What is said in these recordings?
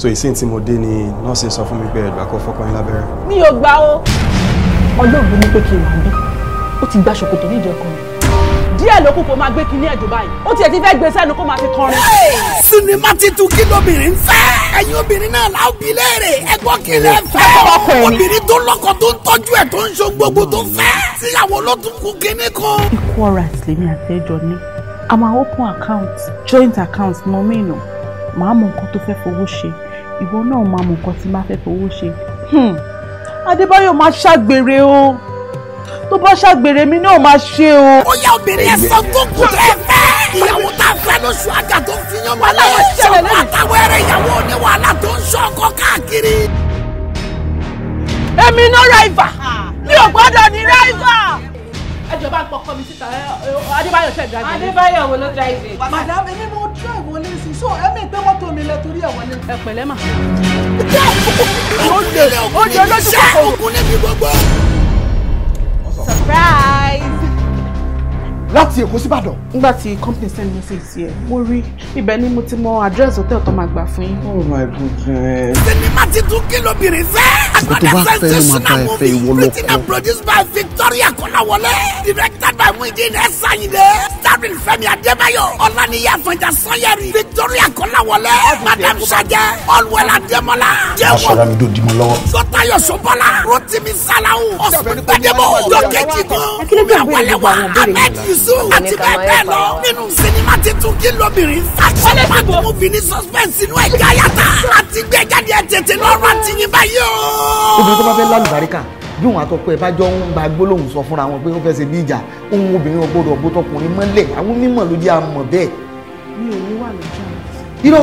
so ìsìn tí mo dé ni nọ́ọ̀sì sọ fún mi pé ẹ̀dùn akọ fọ́kàn yín lábẹ́rẹ́. mi ò gbà ó ọlọ́run ní pé kí n wà bí ó ti gba ṣòkòtò nídìí ọkàn mi díẹ̀ ló kù kó máa gbé kinní ẹ̀dùn báyìí ó tiẹ̀ ti fẹ́ gbé sẹ́nu kó máa fi kọrin. sinimá titun kí lóbìnrin fẹ́. ẹ̀yin obìnrin náà la ó bi léèrè ẹ̀gbọ́n kí lẹ fẹ́. obìnrin tó lọ́kọ tó ń tọ́jú ẹ̀ tó ń ṣe gbogbo tó fẹ́. síyàwó ló tún kú kinní kan. ikú ọ̀rọ̀ àtìlẹ́yìn àtẹ́jọ ni a máa open account joint account mọ́ mí nù màá mọ nǹkan tó fẹ́ fowó ṣe ìwọ náà máa mọ nǹkan tí máa fẹ́ fowó ṣe. Hmm. adébáyọ̀ máa ṣàgbèrè o tó bá ṣàgbèrè mi náà máa ṣe o. ó yá obìnrin yẹn sọ tó kù rẹ fẹ́. ìyàwó tá a fẹ́ lóṣù àgà tó fi yan mọ́ láwọn ìṣòro àtàwọn ẹrẹ ìyàwó òní wàhálà tó ń ṣọ́kọ káàkiri. èmi náà ráìvà mi ò gbọ́dọ̀ ní ráìvà. ẹjọba gbọkọ mi síta adébáyọ̀ ṣẹ̀ dájú. adébáyọ̀ wo ló dáìbì. madam èmi mo dúró ìwọlé so ẹ̀mí pé mọ́tò mi lẹ torí ẹ̀ wọlé. ẹ pẹ̀lẹ́ mà. ó lè ó lè olójú kòkòrò. surprise láti èkó síbàdàn. nígbà tí company send me sí ẹ mo rí ibẹ̀ ni mo ti mọ address hotel tó máa gbà fún yín. oh my goodness. sinimá ti tún kìlọ̀ bìrì fẹ́. àgbàdo sensational movie written and produced by Victoria Kọ́láwọlé directed by Muideen S. starring Fẹ́mi Adébáyọ̀ Ọláníyà Fọjá Sanyẹri Victoria Kọ́láwọlé Madam Sajẹ Olwell Adémọ́lá. aṣọra mi dòdì mọ lọ́wọ́. Sọtayọ Sọbọlá Rotimi Salawu Ọsùn Gbadebo Dókèjì kan Omi Awalẹwa Ahmed Yusuf zoo àti bẹ́ẹ̀ bẹ́ẹ̀ lọ nínú sinimá titun kí lóbìnrin fashion park movie ní suspense inú ẹ̀jẹ̀ ayáta àti gbẹ̀jáde ẹ̀ tètè lọ́rọ̀ àti yín báyìí o. obìnrin tó bá fẹ́ lálùbáríkà bí òun àtọkọ ẹ bá jọ ń gba gbólóhùn sọ fúnra wọn pé ó fẹ́ ṣe bí ìjà òun obìnrin ọgbọ́dọ̀ ọgbọ́tọkùnrin mọ́lẹ̀ àwọn mímọ̀ ló jẹ́ àmọ̀ mi ò ní wà lójú àná.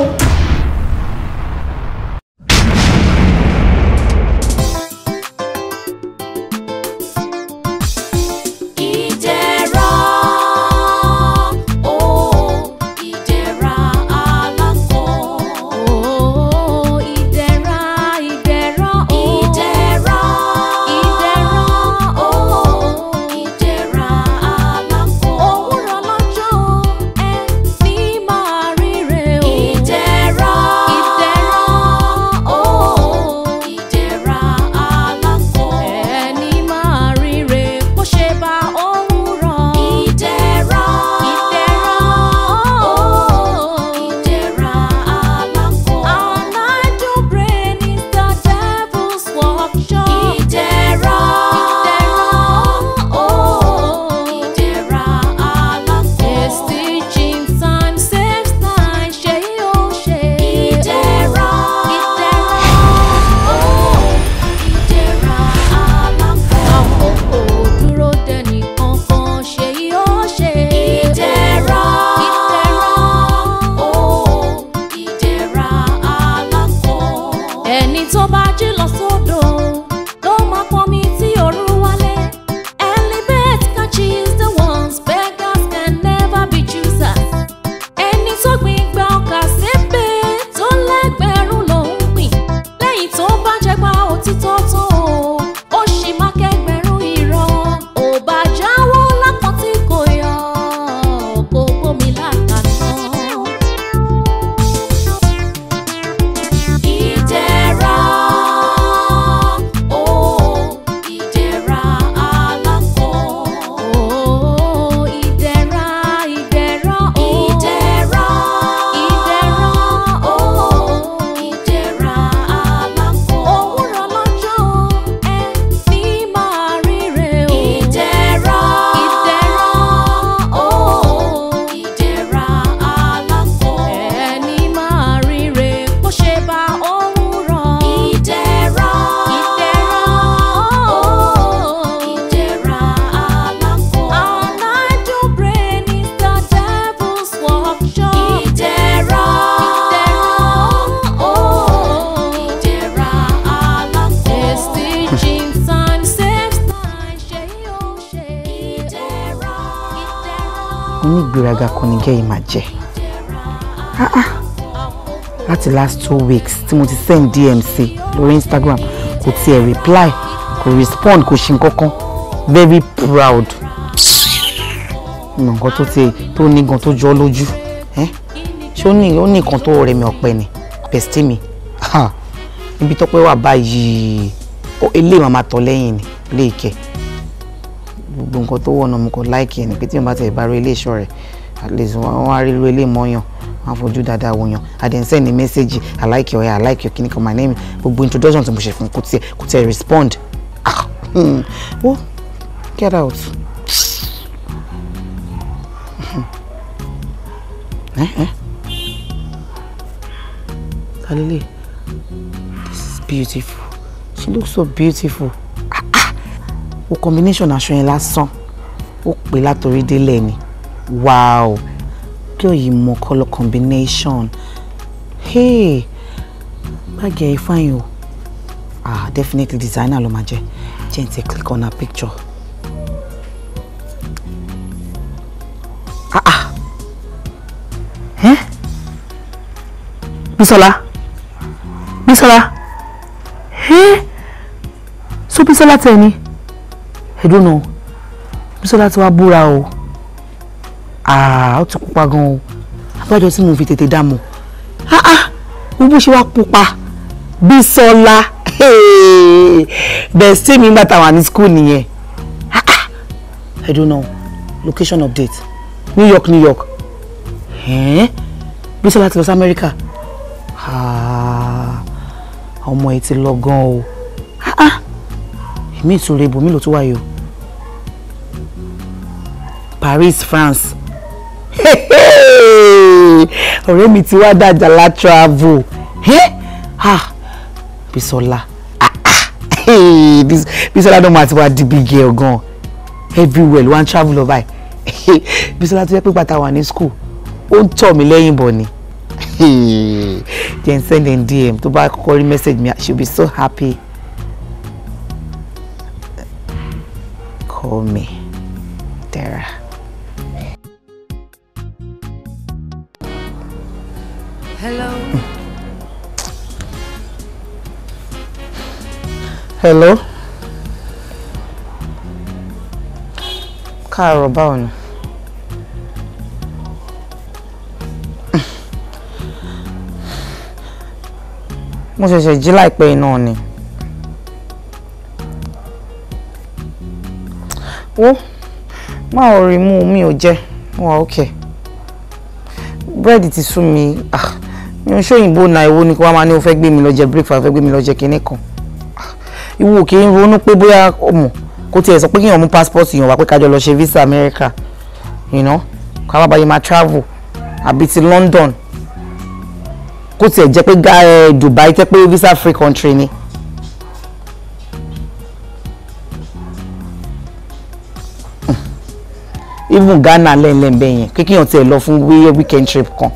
láti last two weeks tí mo ti send DMC sí lórí instagram kò tiẹ̀ reply kò respond kò ṣe nǹkankan very proud nǹkan tó ti tó ní gan tó jọ lójú ṣé ó ní ó ní nǹkan tó rẹ̀ mi ọ̀pẹ ni bestie mi ibi tọ́pẹ́ wà báyìí eléyìí màmá tọ̀ lẹ́yìn ni léèkẹ́ gbogbo nǹkan tó wọ̀ náà mo kàn láìkì ẹ̀ ní pé tí mo bá tẹ̀ bá rí ilé ìṣọ́ rẹ̀ at least wọ́n á rí irú eléyìí mọ́yàn wọn àfojú dáadáa wò yàn àdẹ̀nsẹ̀ ní mẹ́sẹ̀gì i like your hair i like your kini kan my name gbogbo introduction tí mo ṣe fún kùtì kùtì respond ah hmm. wo get out. Hmm. Eh, eh. Talele, this is beautiful. She looks so beautiful. Ah ah. O combination aṣọ yẹn lásán. Ó pé látorí délẹ̀ ni. Wow girl yìí mọ color combination hey báàgì ẹ̀ fine o ah definitely designer ló máa jẹ́ jẹ́ n ti click on her picture. ah ah eh Bisola Bisola eh so Bisola tẹ̀ ni I don't know Bisola ti wá búra o. Ah, ó ti pupa gan-an abájọ tí mo fi tètè dá mọ̀ ah, ah, bó ṣe wá pupa Bísọ́lá bẹ́ẹ̀ sí mi nígbà táwa ní school nìyẹn I don't know location update New York New York Bísọ́lá ti lọ sí Amẹ́ríkà ọmọ ẹ ti lọ gan o èmi ìtúre ibòmí ló tún wáyé o Paris France ọ̀rẹ́ mi ti wá dájàlá travel ah! Bisola ah, ah! Bisola dọ́mọ àti wá di big girl gan everywhere ló wá ń travel lọ báyìí Bisola tó yẹ pé bàtà wà ní school ó ń tọ̀ mí lẹ́yìn bọ̀ ni then send them DM tó bá kọ́kọ́ rí message mi she be so happy call me Dara. hello Carol Brown. ni mo ṣẹ̀ṣẹ̀ jí láìpẹ́ iná ni wo máa ò rí mú mi ò jẹ wà ókè búrẹ́dì ti sú mi ah, mi ò ṣóyìnbó na ìwo ni kí wọ́n máa ní o fẹ́ gbé mi lọ jẹ breakfast fẹ́ gbé mi lọ jẹ kinní kan ìwọ kì í ronú pé bóyá ọmọ kò tiẹ̀ sọ pé kí èèyàn mú passport yàn wá pé kájọ lọ ṣe visa America you know ká wá báyìí máa travel àbí ti London kó tiẹ̀ jẹ́ pé gá ẹ Dubai tẹ́ pé visa free country ni. even Ghana lẹ́ẹ̀lẹ́ẹ̀ bẹ́ẹ̀ yẹn kékeré tiẹ̀ lọ fún weekend trip kan.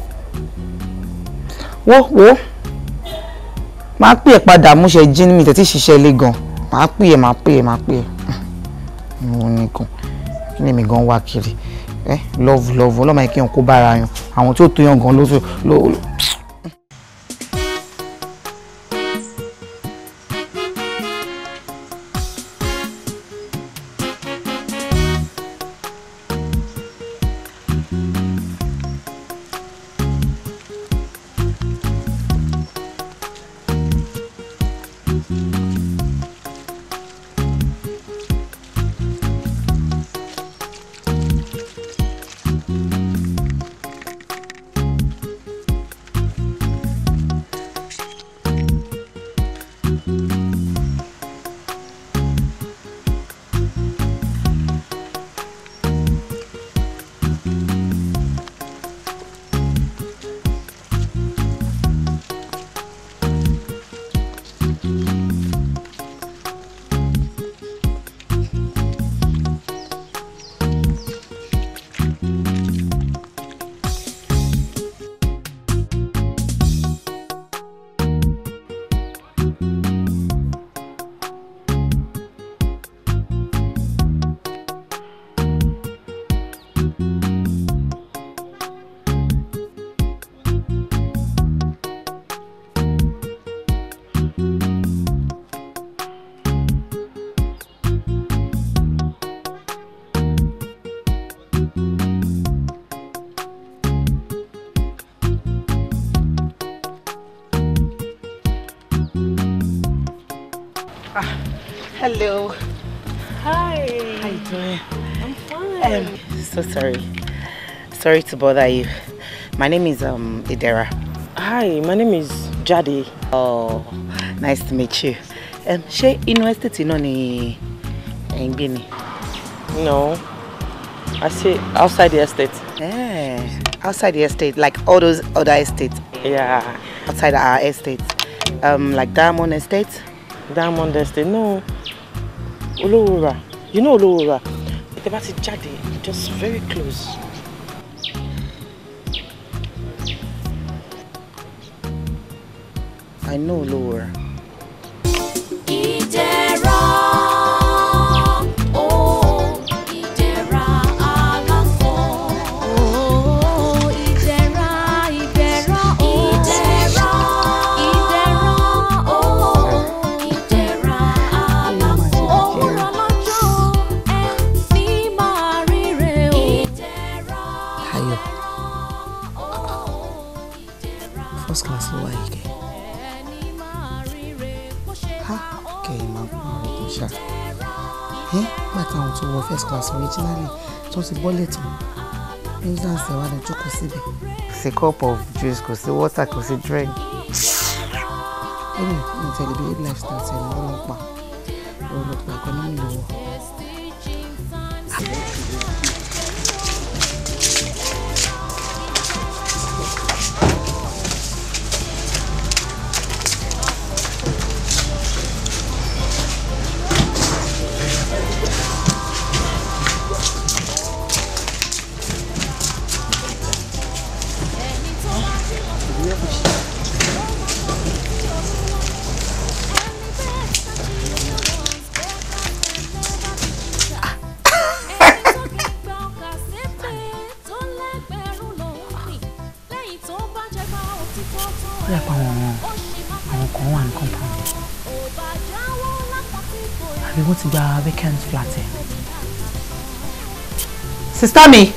wo wo máa pè é padà mo ṣe jí mi tẹ̀tí ṣiṣẹ́ ilé gan máa pè é máa pè é máa pè é mo ní gan kí ni mi gan wá kiri ẹ eh, love love ọlọ́mọ yẹn kí n kó bára yan àwọn tí ó tó yan gan ló sorry. Sorry to bother you. My name is um, Idera. Hi, my name is Jade. Oh, nice to meet you. Um, she invested in náà ni ẹ̀ No, I see outside the estate. Yeah, outside the estate, like all those other estates. Yeah. Outside our estate. Um, like Diamond Estate? Diamond Estate, no. Olówóra. You know Olówóra. The bá ti jáde just very close. I know lower. táwọn tó wọ first class originally tó ti bọ́lẹ̀ tán newslands ẹ̀ wà lọ jókòó síbẹ̀. kò cup of juice kò sí water kò sí drink. ẹnì mi tẹ̀lé bí lifestyle tẹ̀lé ọlọ́pàá ọlọ́pàá ẹ̀kọ́ náà ń lò You are awakened Sister me.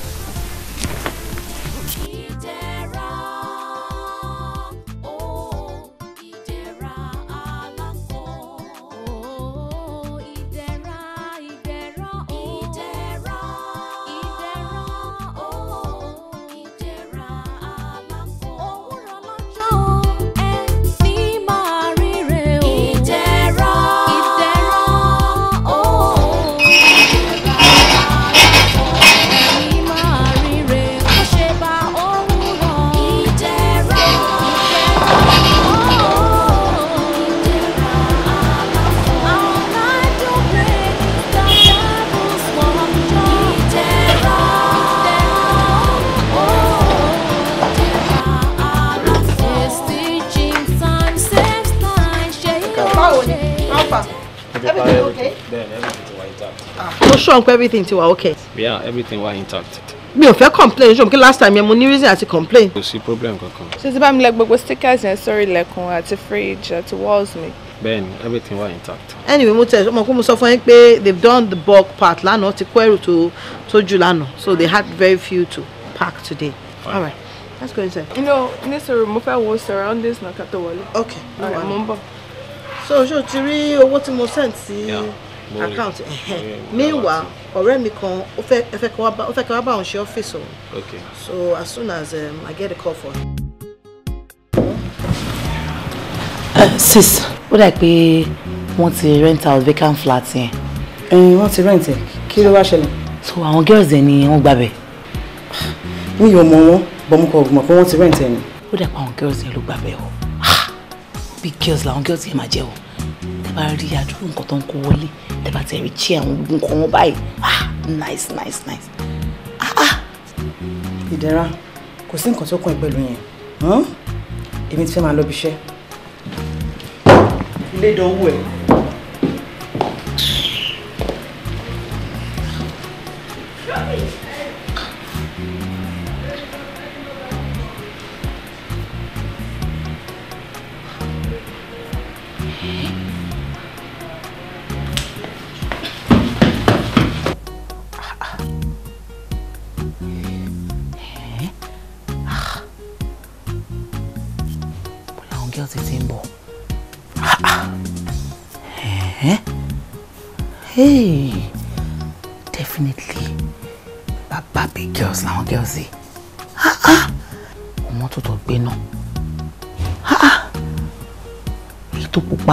sure everything ti okay. yeah everything was intact. mi ò fẹ́ complain ṣùgbọ́n kí last time yẹn mo ní reason àti complain. kò sí problem kankan. ṣé ti bá mi lẹ gbogbo stickers yẹn sórí ilẹ̀kùn àti fridge àti walls mi. Ben, everything was intact. anyway mo tell, ọmọ kó mo sọ fún yín pé they've done the bulk part lánàá ti kó to, tó tó jù so they had very few to pack today. Fine. all right let's go inside. you know nísòro mo fẹ́ wo surroundings náà ká tó wọlé. okay all right mo ń bọ̀. so ṣé o ti rí owó tí mo send sí. Yeah account eh, eh. meanwhile ọ̀rẹ́ mi kan ó fẹ́ kí wá bá òun ṣe ọ́fíìsì òun so as soon as um, I get a call for him. Uh, sis ó dà pé wọ́n ti rent out vacant flat yẹn. wọ́n ti rent ẹ̀ kí ló wá ṣẹlẹ̀. so àwọn girls ẹ̀ ni wọ́n gbàbẹ̀. mi ò mọ wọn bọ́ mo kọ mọ̀ pé wọ́n ti rent ẹ̀ ni. ó dà pé àwọn girls yẹn ló gbàbẹ̀ o ah, big girls làwọn girls yẹn máa jẹ́ o bá rí àdúgbò nǹkan tó ń kó wọlé tẹ́ bá ti rí chi àwọn gbogbo nǹkan wọn báyìí ah nice nice nice ah ah. ìdẹ́ra kò sí nǹkan tó kàn ẹ́ pẹ̀lú yẹn èmi ti fẹ́ máa lọ bí iṣẹ́. ilé ìdánwò ẹ̀.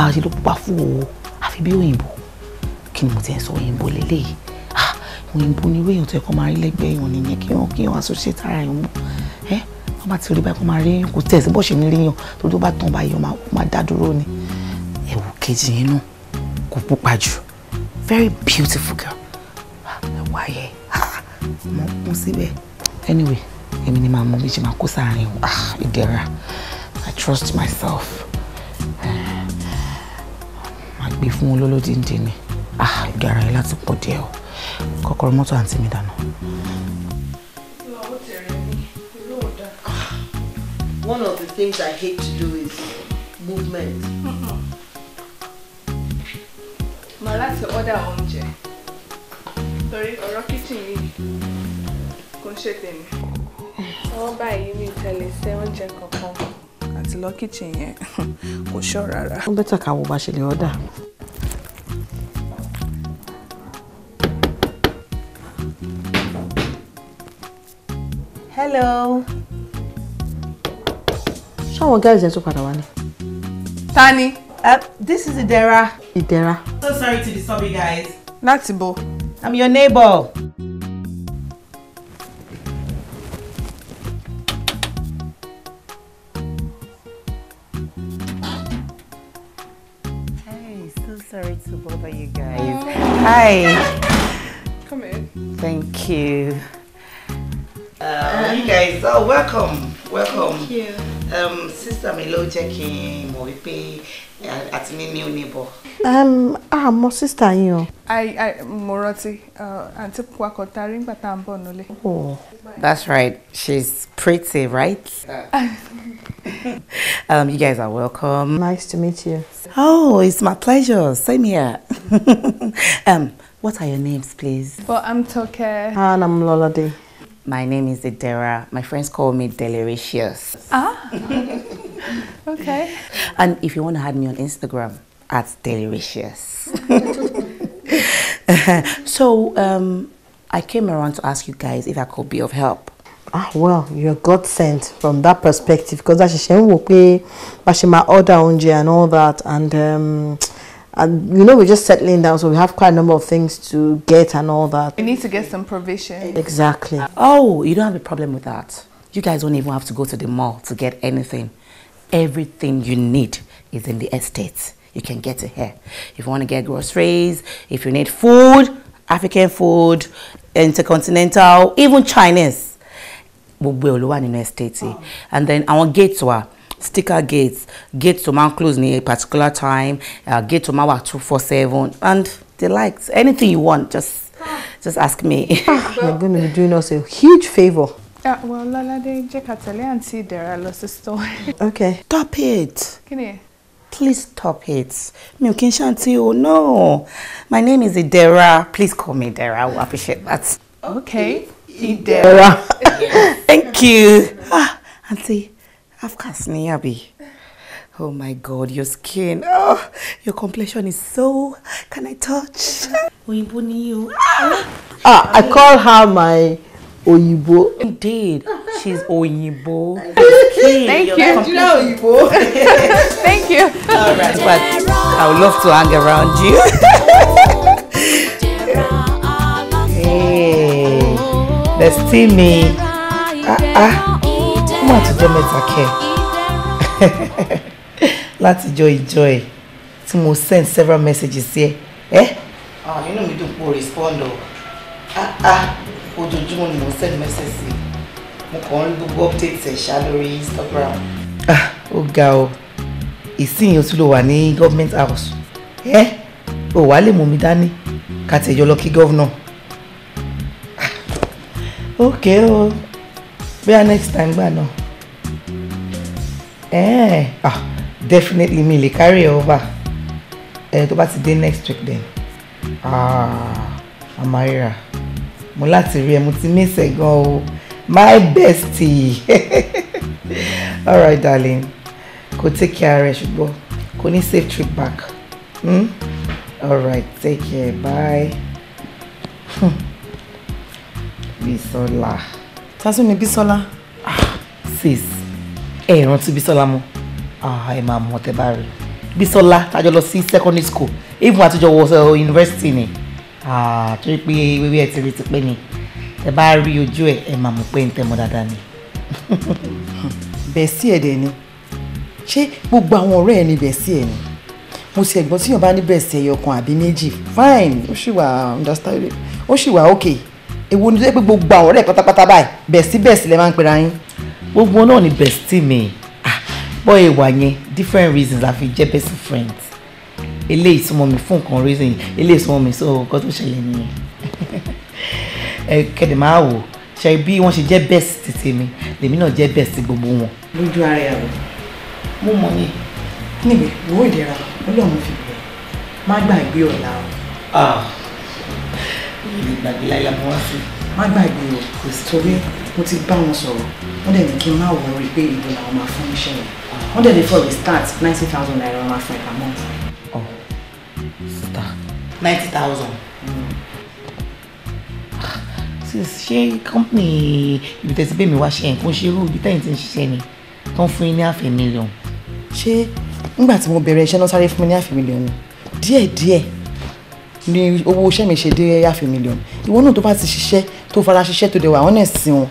pupa ṣe ló pupa fún o àfi bí òyìnbó kí ni mo ti ń sọ òyìnbó lélẹ́yìí ah òyìnbó ni irú èèyàn tó yẹ kó máa rí lẹ́gbẹ̀ẹ́ èèyàn nìyẹn kí wọ́n kí wọ́n associate ara èèyàn mú ẹ́ wọ́n bá ti rí báyìí kó máa rí kò tẹ̀sí bọ́ ṣe ní rí yàn tó tó bá tàn báyìí wọ́n máa dá dúró ni ẹ̀wù kejì yẹn náà kò pupa jù very beautiful girl ah, ẹ̀wù ayẹ ah, mo kún síbẹ̀ anyway èmi ni màá mú bí ṣe máa kó sáàárín ah, ìdẹ̀ra I trust myself fún wọn lólódìndín ni ah ìgara yìí láti pọ̀ díẹ̀ o kọ́kọ́rọ́ mọ́tò àǹtí mi dànù. One of the things I hate to do is movement. Màá láti ọ́dà oúnjẹ torí ọ̀rọ̀ kíchìn yìí kò ń ṣe tèmi. Wọ́n báyìí mi tẹ̀lé sí oúnjẹ kankan àti lọ kíchìn yẹn kò ṣọ́ rárá. Ó bẹ́tà ká wo bá ṣe lè ọ́dà. hello. ṣáwọn guys yẹn tún padà wá ni. tani. Uh, this is Idera. Idera. So sorry to disturb you guys. láti bo. I'm your neighbor. sorry to bother you guys. Hi. Come in. Thank you you guys so oh, welcome. Welcome. Thank you. Um, Sister Meloje kí n mọ̀ wípé new neighbor. Um, ah, my sister you. I, I, rántí Uh, pupa kan ta rí nígbà Oh, that's right. She's pretty, right? um, you guys are welcome. Nice to meet you. Oh, it's my pleasure. Same here. um, what are your names, please? Well, I'm Toke. Ah, and I'm Lolade. My name is Idera. My friends call me Deliricious. Ah, okay. And if you want to add me on Instagram, at Deliricious. so um, I came around to ask you guys if I could be of help. Ah, well, you're God sent from that perspective because that's a shame we pay, but she my order on and all that, and um, and you know we're just settling down so we have quite a number of things to get and all that we need to get some provision exactly oh you don't have a problem with that you guys don't even have to go to the mall to get anything everything you need is in the estate you can get it here if you want to get groceries if you need food african food intercontinental even chinese gbogbo oh. and then our gates were sticker gates gates to man close near a particular time uh, gate to man work 247 and the likes anything you want just just ask me you're going to be doing us a huge favor yeah, well, check jẹ́ and see there are lots of stories. Okay. Stop it. Can you Please stop it. Mi ò kí n no. My name is Idera. Please call me Idera. I will appreciate that. Okay, Idera. Thank you. Ah, auntie, of course, Niyabi. Oh my god, your skin. Oh, your complexion is so. Can I touch? Oyibo ni you. Ah, I call her my oyibo. Indeed, she's oyibo. Thank you. Thank you. Thank you. All right. But I would love to hang around you. hey, that's still me. Ah ah. fún àtijọ́ mẹ́ta kẹ́ látijọ́ ìjọ ẹ̀ tí mo send several messages sí ẹ. Ah, inú mi dùn pé o respond o ah, ah, ojoojúmọ́ ni mo send messages sí mo kàn ń gbogbo updates ẹ̀ ṣá lórí Instagram. ó ga ọ ìsìn yóò tún lò wà ní government house ẹ ò wá lè mú mi dání ká tẹ̀yọ lọ kí gọ́vnà. ókè o. Okay, oh bóyá next time gbà náà eh, ah definitely mi lè carry over eh, tó bá ti dé next week then ah amarira mo láti rí ẹ mo ti miss ẹ gan o my bestie alright darling kò take care rẹ ṣùgbọ́n kò ní safe trip back hmm? alright take care bye Bisola. Hmm. Tasun ni Bísọ́lá. Ah, sis, ẹ rántí Bísọ́lá mọ́. Ah, ẹ máa mọ̀ te bá rí. Bísọ́lá tájọ lọ sí secondary school. Even àtijọ́ wọ eh, university ni. Ah, torí pé wíwí ẹ ti rí ti pé ni. Tẹ́ bá rí ojú ẹ, ẹ máa mọ̀ pé ń tẹ́ mọ́ dáadáa ni. Bẹ̀sí ẹ̀ dẹ̀ ni. Ṣé gbogbo àwọn ọ̀rẹ́ ẹ ni bẹ̀sí ẹ̀ ni? mo ti ẹ̀gbọ́n tíyàn bá ní bẹ̀sẹ̀ ẹyọkan àbí méjì fine o sì wà understand o sì wà okay èwo ni tó yẹ pé gbogbo àwọn ọ̀rẹ́ pátápátá báyìí bẹ̀sí bẹ̀sí lẹ́ máa ń pera yín. gbogbo náà ni bẹ̀sí mi ah, bọ́ ìwà yẹn different reasons la fi jẹ́ best friend eléyìí súnmọ́ mi fún nǹkan reason eléyìí súnmọ́ mi so nǹkan tó ṣẹlẹ̀ nìyẹn kẹ̀dẹ̀ máa wò ṣe bí wọ́n ṣe jẹ́ best títí mi lèmi náà jẹ́ best gbogbo wọn. lójú ara ẹ̀ mo mọ̀ ni níbi ìwé ìdẹ́ra ọlọ́run fi bẹ̀rẹ̀ má gbàgbé ọ̀la o. Ah gbàgbé láìla mo wá sí má gbàgbé o kò sí torí mo ti bá wọn sọ̀rọ̀ wọ́n dẹ̀ ní kí n má wọ orí pé ìbò làwọn máa fún iṣẹ́ rẹ̀ wọ́n dẹ̀ ní for restart ninety thousand naira wọn máa fún ẹ̀ka mọ́. ọ sita ninety thousand. Ah, ṣé kọ́mpìnì ibi tẹ̀sí bẹ́ẹ̀ mi wá ṣe nǹkan ṣe irú ibi tẹ̀yìn tí ń ṣiṣẹ́ ni tó ń fún yín ní àfẹ́ mílíọ̀nù. ṣé nígbà tí mo bẹ̀rẹ̀ iṣẹ́ náà sáré fún mi ní àfẹ́ mílíọ̀nù díẹ̀díẹ̀ ni owó iṣẹ́ mi ṣe dé àfẹ́ mílíọ̀nù ìwọ náà tó bá ti ṣiṣẹ́ tó fara ṣiṣẹ́ tó dẹ̀ wà honest sí wọn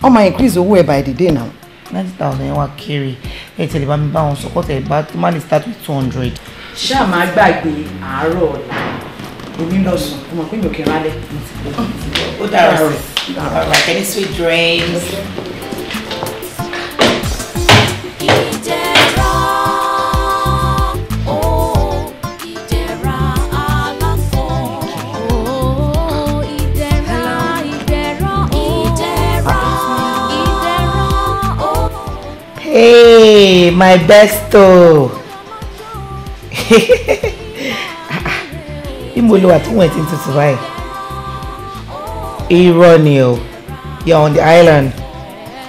wọ́n máa increase owó ẹ̀ by the day now. ninety thousand yẹn wá kéré ẹ tẹ̀lé bá mi bá wọn support ẹ bá tó má lè start with two hundred. ṣáà máa gbàgbé àárọ̀ ọ̀la onílọ̀sùn ọmọ pé mi ò kí n rálẹ̀. ó dára sí i. all right any sweet dreams. hey my besto! o bí mo lo wà tí wọ́n ti ń tutù báyìí you're on the island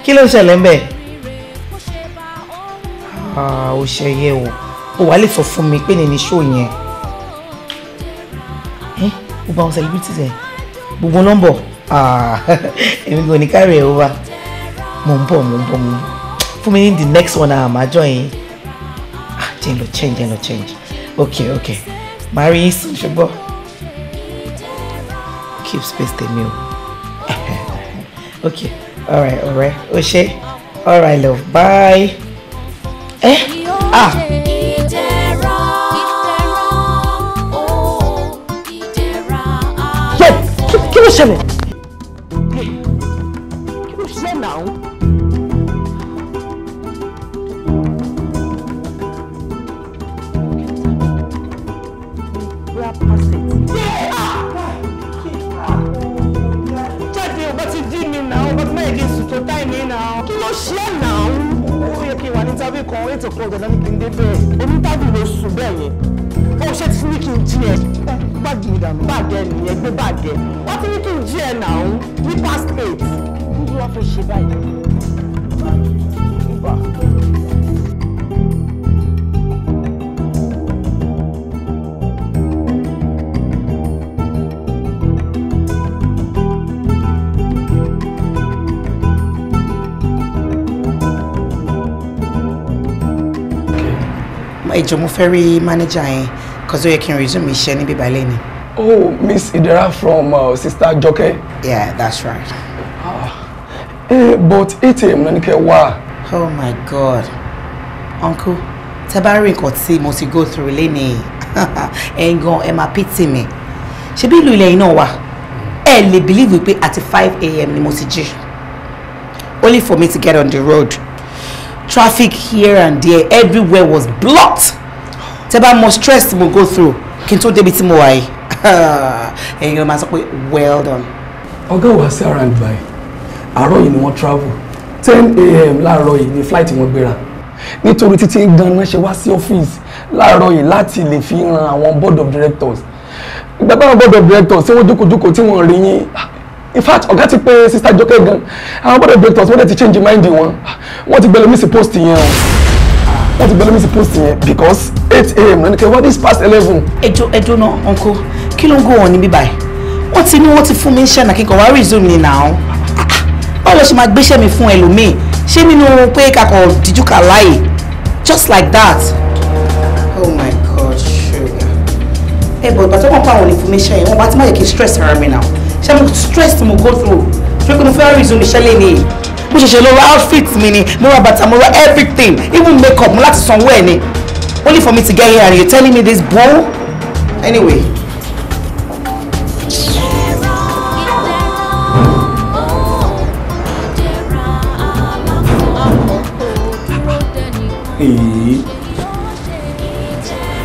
kí ló ń ṣẹlẹ̀ ń bẹ̀ ah, ó ṣe yẹ o ó wàá lè sọ fún mi pé ní ní ṣó yẹn gbogbo àwọn celebrities ẹ gbogbo ló ń bọ̀ ah, go ni ní kárí ẹ̀ over mo ń mo ń mo ń fún mi ní the next one ah join yín ah change, change jẹ́ change okay okay màá rí yín keep space the o okay alright alright o ṣe alright love bye eh ah. kí ló ṣẹlẹ̀ kí ló ṣẹlẹ̀ now. eight o'clock ọ̀dọ̀ ní kí n dé bẹ́ẹ̀ onítàbí ló sùn bẹ́ẹ̀ yẹn ó ṣe ti ní kí n jí ẹ báàgì mi dànù báàgì ẹ nìyẹn gbé báàgì ẹ wọ́n ti ní kí n jí ẹ nà ń ní past eight kí ẹjọ mo fẹ́ rí manager yẹn cause ó yẹ kí n resume iṣẹ́ níbí balẹ̀ ni. oh miss Idara from uh, sister joke. yeah that's right. Ah. Eh, but atm ló ní kẹ́ wá. oh my god uncle tẹ bá rí nǹkan tí mo ti go through lénìí ẹ̀yin gan ẹ máa pity mi ṣebí ìlú ilẹ̀ yìí náà wà ẹ lè believe wípé àti five a.m. ni mo ti jí only for me to get on the road traffic here and there everywhere was blocked tẹ mo stress mo go through kí n tó débi tí mo wà yìí ẹ̀yin ọmọ sọ pé well done. Oga wa se around by àárọ̀ yìí ni wọ́n travel 10 a.m. láàárọ̀ yìí ni flight wọn gbéra nítorí títí ganan ṣe wá sí office láàárọ̀ yìí lati lè fi ran àwọn board of directors ìgbà táwọn board of directors se wọ́n jókòó jókòó tí wọ́n rí yín in fact ọ̀gá ti pè sister Jọkẹ́ gan àwọn bọ́dọ̀ directors wọ́n dẹ̀ ti change mind wọn wọ́n ti gbẹlẹ́mí sí post yẹn o wọ́n ti gbẹlẹ́mí sí post yẹn because eight a.m. lónìí kẹ́ wọ́n this past eleven. ẹjọ ẹjọ náà uncle kí ló ń gò wọn níbí báyìí wọ́n ti ní wọ́n ti fún mi iṣẹ́ náà kíkọ wá resume ni now báwo ló ṣe máa gbéṣẹ́ mi fún ẹlòmíì ṣé nínú pé kakọ̀ díjú kà láàyè just like that. oh my god sugar. ẹ bọ̀ ìgbà tó kàn pa àwọn information yẹn wọ́n bá ti má yẹ kí stress ara mi now ṣé mo stress mo go through ṣé mo fẹ́ reason ìṣẹ́lẹ̀ ni mo ṣẹ̀ṣẹ̀ lọ ra outfit mi ni mo ra bàtà mo ra everything even makeup mo láti somewhere, ni only for me to get here and you're telling me this bull anyway.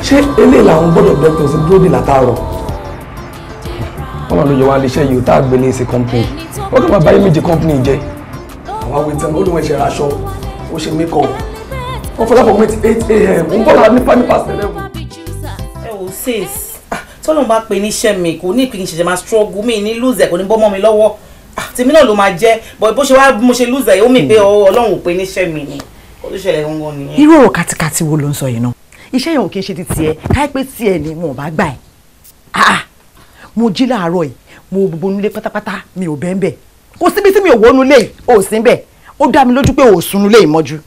ṣé eléyìí làwọn gbọ́dọ̀ dọ́kítọ̀ sí dúró dè látàárọ̀ tọ́lọ́ lójó wa lè ṣe yìí tá a gbé ní ìsìn company ó kàn máa báyé méjì company jẹ àwọn àwọn ìtàn olùwọ̀n ẹ̀ṣẹ̀ aṣọ ó ṣe makeup wọ́n fọlá fọ́ mẹ́tì eight a.m. ń bọ̀ láti nípa nípa sẹ́lẹ̀ wò. ẹ wò sis tọ́lọ́ bá pe níṣẹ́ mi kò ní ìpín ìṣẹ̀ṣẹ̀ máa struggle mi ní lose ẹ̀ kò ní bọ́ mọ́ mi lọ́wọ́ ah, tèmi náà ló máa jẹ́ bọ̀ bó ṣe wá mo ṣe lose ẹ̀ ó mì pé hmm. ọlọ́run ò pe níṣẹ́ mi ni kó tó ṣẹlẹ̀ gangan nìyẹn. irú ọ̀rọ̀ katikati wo ló ń sọ yìí náà iṣẹ́ yẹn ò kí ń ṣe ti tiẹ̀ káyipẹ́ tiẹ̀ ni wọn ò bá gbà Ah mo jí láàárọ̀ yìí mo gbogbo nulẹ̀ pátápátá mi ò bẹ́ẹ̀ bẹ́ẹ̀ kò síbi tí mi ò wọnú lé ò sí bẹ́ẹ̀ ó dá mi lójú pé ò sunu lé ìmọ́jú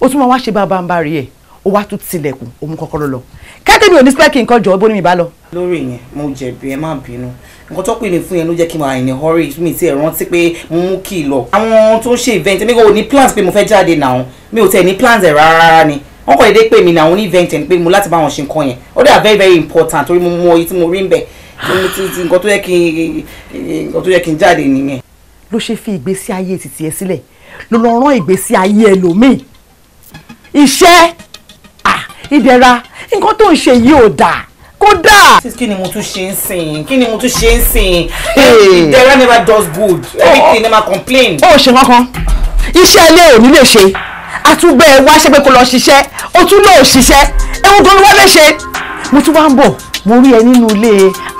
ó tún máa wá ṣe bàbá ń bá rí ẹ̀ ó wá tún tilẹ̀kùn òun kọ́kọ́rọ́ lọ kẹ́kẹ́ mi ò ní spẹ́kì nǹkan jọ bó mi bá lọ. lórí yẹn mo jẹ̀bi ẹ má bínú nǹkan tó pè mí fún yẹn ló jẹ́ kí n máa ìní hurry mi ti ẹ̀ rántí pé mo mú kí i lọ. àwọn tó ń ṣe event mi ò ní plans pé mo fẹ́ jáde náà mi ò tẹ̀ ní plans ẹ̀ rárá ni wọ́n kọ́ ẹ̀ dé pé mi náà ní event ẹ̀ pé mo láti bá wọn ṣe nǹkan yẹn ó dà very very important torí mo mọ oyin tí mo rí ń bẹ̀ ti ti nǹkan tó yẹ kí nǹkan tó yẹ kí n jáde nìyẹn. ló ṣe fi ìgbésí ayé títí ẹ sílẹ̀ ló lọ rán ìgbésí ayé ẹlòmíì iṣẹ́ ìdẹ̀ra nǹkan tó ń ṣe yìí ò dáa kódà. kí ni mo tún ṣe ń sìn kí ni mo tún ṣe ń sìn ìdẹ̀ra never does good oh. everything never complain. ó oh, ṣe kankan iṣẹ́ ilé òní lè ṣe àtúgbẹ́ ẹ e wá ṣẹ́gbẹ́ kó lọ ṣiṣẹ́ ó tún lọ́ọ́ ṣiṣẹ́ ewu gan-an wọ́n lè ṣe mo tún wá ń bọ̀ mo rí ẹ nínú ilé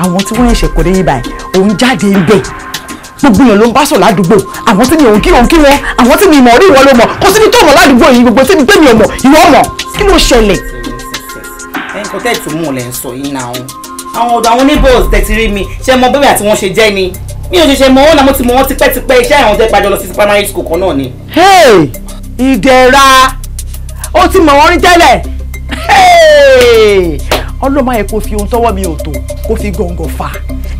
àwọn tí wọ́n ẹ̀ṣẹ̀ kò dé yín báyìí òun jáde ń bẹ̀ gbogbo èèyàn ló ń bá sọ ládùúgbò àwọn tí mi ò kí òun kí wọn àwọn tí mi mọ̀ rí ìwọ ló mọ̀ kò síbi tó mọ̀ ládùúgbò yìí gbogbo síbi pé mi ò mọ̀ ìwọ mọ̀ kí ló ṣẹlẹ̀. ẹ kò tẹ́ ìtumọ̀ sọ yìí náà àwọn ọ̀dọ̀ àwọn neighbors tẹ̀sí rí mi ṣe mọ bẹ́ẹ̀ àti wọ́n ṣe jẹ́ ni mi ò ṣẹ̀ṣẹ̀ mọ wọn náà ti mọ wọn tipẹ́tipẹ́ iṣẹ́ àwọn jẹ́ ìpàjọ́ lọ sí primary school kan náà ni. ìdẹ̀ra ó ti mọ̀ wọ́n rí tẹ́lẹ̀ ọlọ́mọ yẹn kò fi ohun tọ́wọ́ mi ò tó kò fi gọ̀ǹgọ̀ fà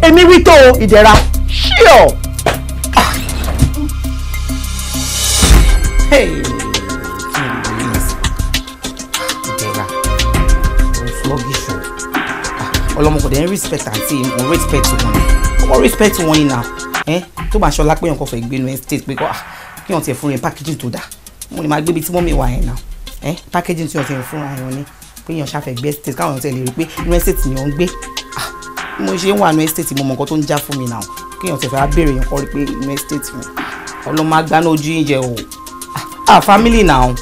á èmi wí tó ìdẹ̀ra ṣíọ̀. Ah, ọlọmọkùnrin respect àti mo respect wọn mo respect wọn ni na tó bá aṣọ lápẹ́yàn kọfẹ́ ìgbénu ẹ̀ state pé ah, kí wọ́n ti ẹ̀ fún rẹ̀ packaging tó dáa mo ní máa gbébi tí mọ́mí wà yẹn na packaging tí wọ́n ti ẹ̀ fún ra ni pé èèyàn ṣàfẹ́gbẹ́ estate káwọn tẹ̀ lè rí pé inú estate ni ó ń gbé ah, mo ṣe ń wà inú estate mo mọ nǹkan tó ń já fún mi náà kéèyàn tẹ̀ fẹ́ béèrè yẹn kọ́ rí pé inú estate mi ọlọ́mọ agbáná ojú yín jẹ o ah, ah family náà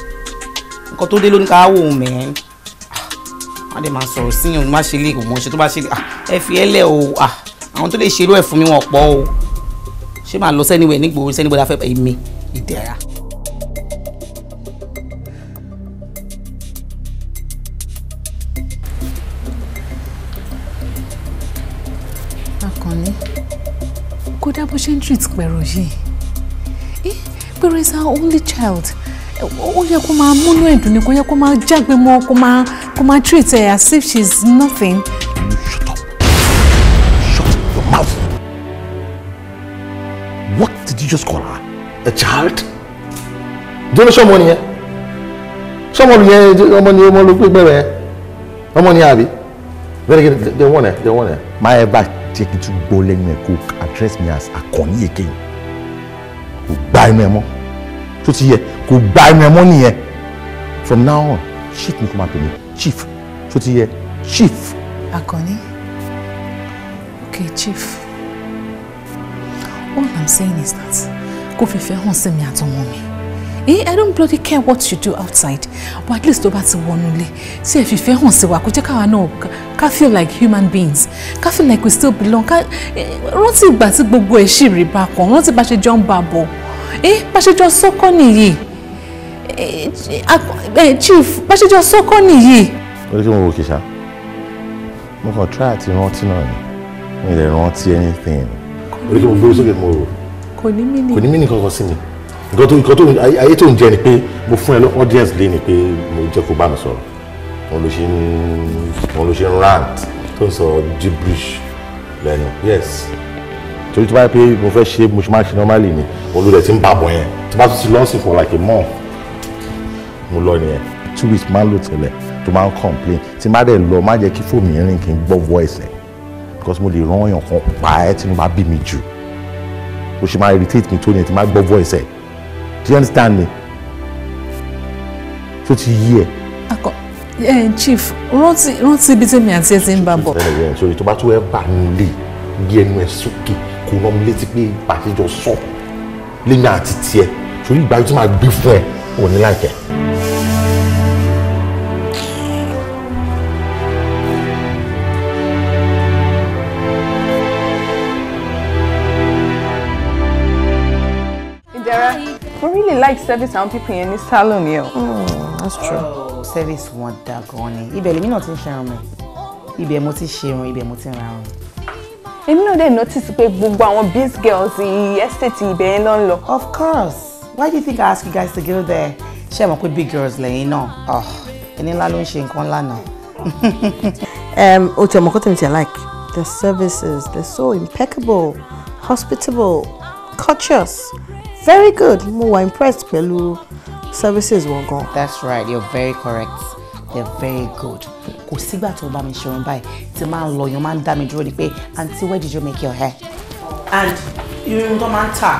nǹkan tó dé lónìí ká wò ó mẹ́rin wọ́n ah, dẹ̀ máa sọ̀rọ̀ síyàn ní má ṣe lè mọ̀ ṣe tó bá ṣe lè ẹ fi ẹ lẹ̀ o àwọn tó lè ṣerú ẹ̀ fún mi wọn pọ̀ o ṣé màá lọ sẹ́niwẹ̀ nígboro sẹ́niwẹ̀ la ṣe ń treat pẹ̀rọ yìí pẹ̀rọ is her only child ó yẹ kó máa múnú ẹ̀dùn ni kó yẹ kó máa jágbe mọ́ kó máa kó máa treat her as if she is nothing. shut up shut your mouth what did you just call her a child. jẹ́mi sọ́mọ nìyẹn sọ́mọ nìyẹn ọmọ nìyẹn ọmọ ló pé pẹ́rẹ́ ọmọ nìyẹn àbí bẹ́ẹ̀ ni wọ́n ẹ̀ wọ́n ẹ̀ máa ẹ̀ báyìí jẹ́ kí n tún gbọ́ lẹ́nu ẹ̀ address me as Akànní again kò gbá ẹnu ẹ mọ́ tó ti yẹ kò gbá ẹnu ẹ from now on chief ni kò máa pè mí chief tó ti yẹ chief. Akànní okay chief all i'm saying is that kò fìfẹ́ hàn sí àtọmọ mi. Eh, I don't bloody care what you do outside. But at least tó bá ti wọnú ilé. Ṣé ẹ fi ìfẹ́ hàn sí you kó jẹ́ káwa feel like human beings. Ká feel like we still belong. Ká eh, rántí ìgbà tí gbogbo ẹ̀ ṣì rí bákan. Rántí bá ṣe jọ ń bá bọ̀. Eh, bá ṣe jọ sọ́kọ́ nìyí. Eh, eh, chief, bá ṣe jọ sọ́kọ́ nìyí. Ó ní kí mo wò kìsà. Mo kàn try àti rántí náà ni. Mi ò lè rántí anything. Ó ní kí mo gbé sókè mo rò. Kò ní mí nìkan kan sí mi nǹkan tó nǹkan tó ayé tó ń jẹ ni pé mo fún ẹ lọ audience lé ni pé mo jẹ́ kó bá mi sọ̀rọ̀ wọn ló ṣe ń wọn ló ṣe ń rant tó ń sọ gibberish lẹ́nu yes torí tó bá yẹ pé mo fẹ́ ṣe mo ṣe máa ṣe normally ni olùdẹ̀ ti ń bàbọ̀ yẹn tó bá tún ti lọ́sìn for like a month mo lọ nìyẹn two weeks máa ń lò tẹ́lẹ̀ tó máa ń complain tí má dẹ̀ lọ má jẹ́ kí fóònù yẹn rìn kí n gbọ́ voice ẹ̀ because mo lè rán èèyàn kan pa ẹ́ tí mo bá bí mi jù ó ṣe máa irritate mi tó yẹn tí má gbọ́ voice ẹ̀. Do you understand me? So ti hear? ẹ. Akọ ẹ chief rántí rántí ibi tẹ́mi àti ẹ ti ń bá bọ̀. Ẹ ẹ sori tó bá tún ẹ bà nù lè gbé ẹnu ẹ sókè kó nà mú létí pé àṣejọ sọ lẹ́yìn àti tiẹ̀ sori ìgbà yóò tún máa gbé fún ẹ òní láìpẹ́. like service and people in this salon yẹn o. Hmm, that's true. Oh. service wọn da gan ni ibẹ̀ let me not ń ṣe irun mi ibẹ̀ mo ti ṣe irun ibẹ̀ mo ti ń ra irun. èmi notice pé gbogbo àwọn biz girls estate ibẹ̀ yẹn ló ń of course why do you think I ask you guys to go there ṣé ẹ mọ̀ big girls lẹ́yìn náà ah, ẹni ńlá ló ń ṣe nǹkan ńlá náà. Um, o ti ọmọ kọ́tẹ́mi ti ẹ̀ like their services they're so impeccable hospitable courteous very good mo wa impressed pẹ̀lú services wọn gan. that's right you're very correct they're very good kò sígbà tó bá mi ṣerun báyìí tí máa ń lọ yan máa ń dá mi dúró ni pé aunty where did you make your hair. and irun tó máa ń tà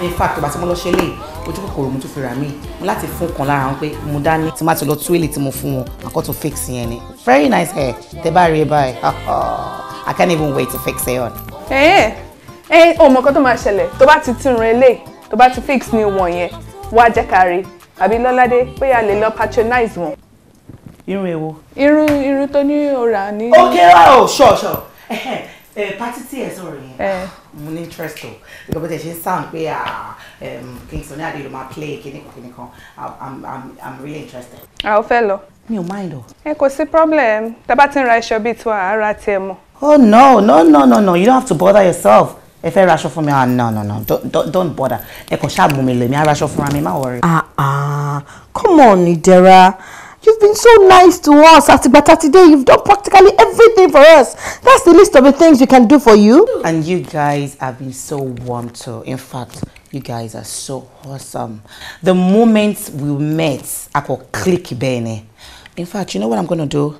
in fact ìgbà tí mo lọ ṣe léyìí ojú kòkòrò mo tún fi rà mí mo láti fún kan lára wọn pé mo dání tí má ti lọ túwèlì tí mo fún wọn àkọ́ tó fix yẹn ni very nice hair tẹ bá rí báyìí I can't even wait to fix it on. ẹ ẹ ọmọ kan tó máa ṣẹlẹ̀ tó bá ti tún rẹ léyìí tó bá ti fix ní wọn yẹn wá jẹ́ ká rí àbí lọ́ládé pé a lè lọ patronize wọn. irun èwo. irun irun tó ní ọ̀rà ní. ó kéré o oh, sure sure eh, pati tí ẹ sọ̀rọ̀ yẹn eh. ah, mo ní interest o ìgbà bó tẹ ṣe ń sound pé ah, Kingston ní adé ló máa play kíníkan kíníkan i'm really interested. a ò fẹ́ lọ. mi ò mind o. ẹ eh, kò sí problem tá a bá ti ń ra iṣọ bíi tiwa àárọ̀ àti ẹ̀ oh no no no no no you don't have to bother yourself ẹ fẹ́ raṣọ fún mi ah no no no don't don't, don't bother ẹ kàn ṣáà mú mi lèmi araṣọ fúnra mi má wọrí. ah ah come on Idera you've been so nice to us àtìgbàtà today you've done practically everything for us that's the list of the things we can do for you. and you guys have been so warm too in fact you guys are so awesome the moment we met I kò click bẹ́ẹ̀ in fact you know what i'm gonna do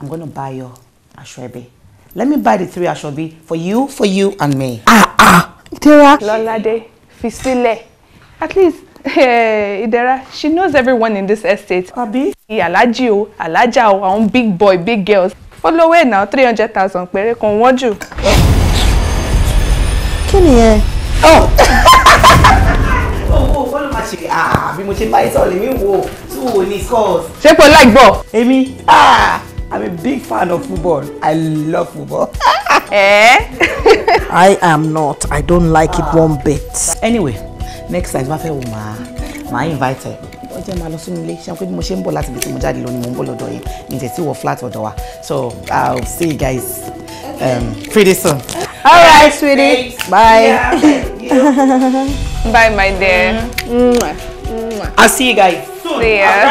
i'm gonna buy your aṣọ ẹbí let me buy the three aṣọbi for you for you and me. ah ah Dera. Lọ́ládé fi sílẹ̀ at least Hey, eh, Idera, she knows everyone in this estate. Abi? Alhaji o, Alhaja o, àwọn big boy, big girls. Follow her now, 300,000 péré kan wọ́n jù. Kí ni ẹ? Oh. Oh, oh, ah, bí mo ṣe bá ìsọ̀lẹ̀ mi wò, tí wò ní scores. Ṣé kò láì gbọ́? Èmi. Ah. I'm a big fan of football. I love football. eh? I am not. I don't like ah. it one bit. Anyway, next time, my Uma, my invited. ó jẹ́ máa lọ sínú ilé ṣe pé bí mo ṣe ń bọ̀ láti ibi tí mo jáde lọ mo ń bọ̀ lọ́dọ̀ yẹn ní tẹ̀sí wọ flat ọ̀dọ̀ wa so I'll see you guys um, pretty soon. all right sweetie Thanks. bye. Yeah. bye my dear. Mm. Mm. I'll see you guys. Soon. See ya.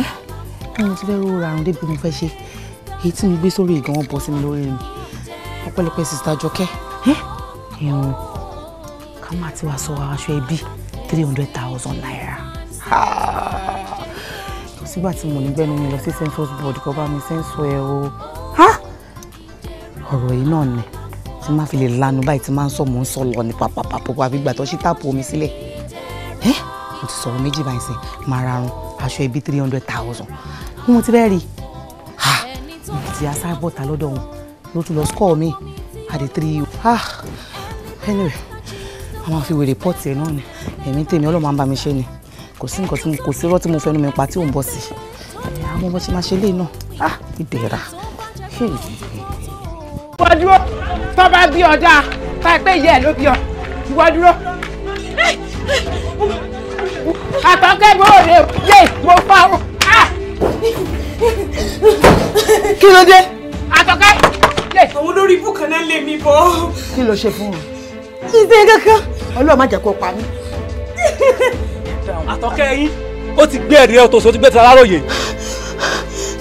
ẹ́ báwo ti fẹ́ rọra àrùn débi mo fẹ́ ṣe èyí tí mo gbé sórí ìgàn wọn bọ́ sí mi lórí mi ọpẹ́lọpẹ́ sista jọkẹ́ ẹ̀hún ká má ti wá sọ aṣọ ẹbí three hundred thousand naira kò sígbà tí mo ní gbẹ́nu mi lọ sí census board kó bá mi sẹ́ńsọ ẹ̀ o ọ̀rọ̀ yìí náà ni tí má fi lè lanu báyìí tí má ń sọ mò ń sọ lọ ní pàpàpàpọ̀ àbí gbà tó ṣí táàpù omi sílẹ̀ ẹ́ mo ti sọ̀rọ̀ méjì báyìí sìn máa rarun aṣọ ibi three hundred thousand bí mo ti bẹ́ẹ̀ rí ha mo ti asáré bọ́ta lọ́dọ̀ wọn ló tún lọ score mi àdé three o ha anyway a máa fi wèrè pọ́ọ̀tì ẹ̀ náà ni èmi tèmi ọlọ́run máa ń bá mi ṣe ni kò sí nǹkan tí mo kò sí irọ́ tí mo fẹnu mi pa tí ò ń bọ̀ sí àwọn ọmọ ṣe máa ṣe léyìn náà ha ìdẹ̀ra. ìwọ dúró tó bá bí ọ dáa tá a pé ìyá ẹ ló bí ọ ìwọ dúró àtọ́kẹ́ bóore o yé mo fa o. Ah! kí ló dé. àtọ́kẹ́. àwọn olórí ibú kan náà lé mi bọ́. kí ló ṣe fún un. kí n ṣe kankan. ọlọ́run má jẹ́ kó pa mí. àtọ́kẹ́ yín ó ti gbé ẹ̀rí ọ̀tọ̀ọ̀sọ̀ ó ti gbé ti aláròye.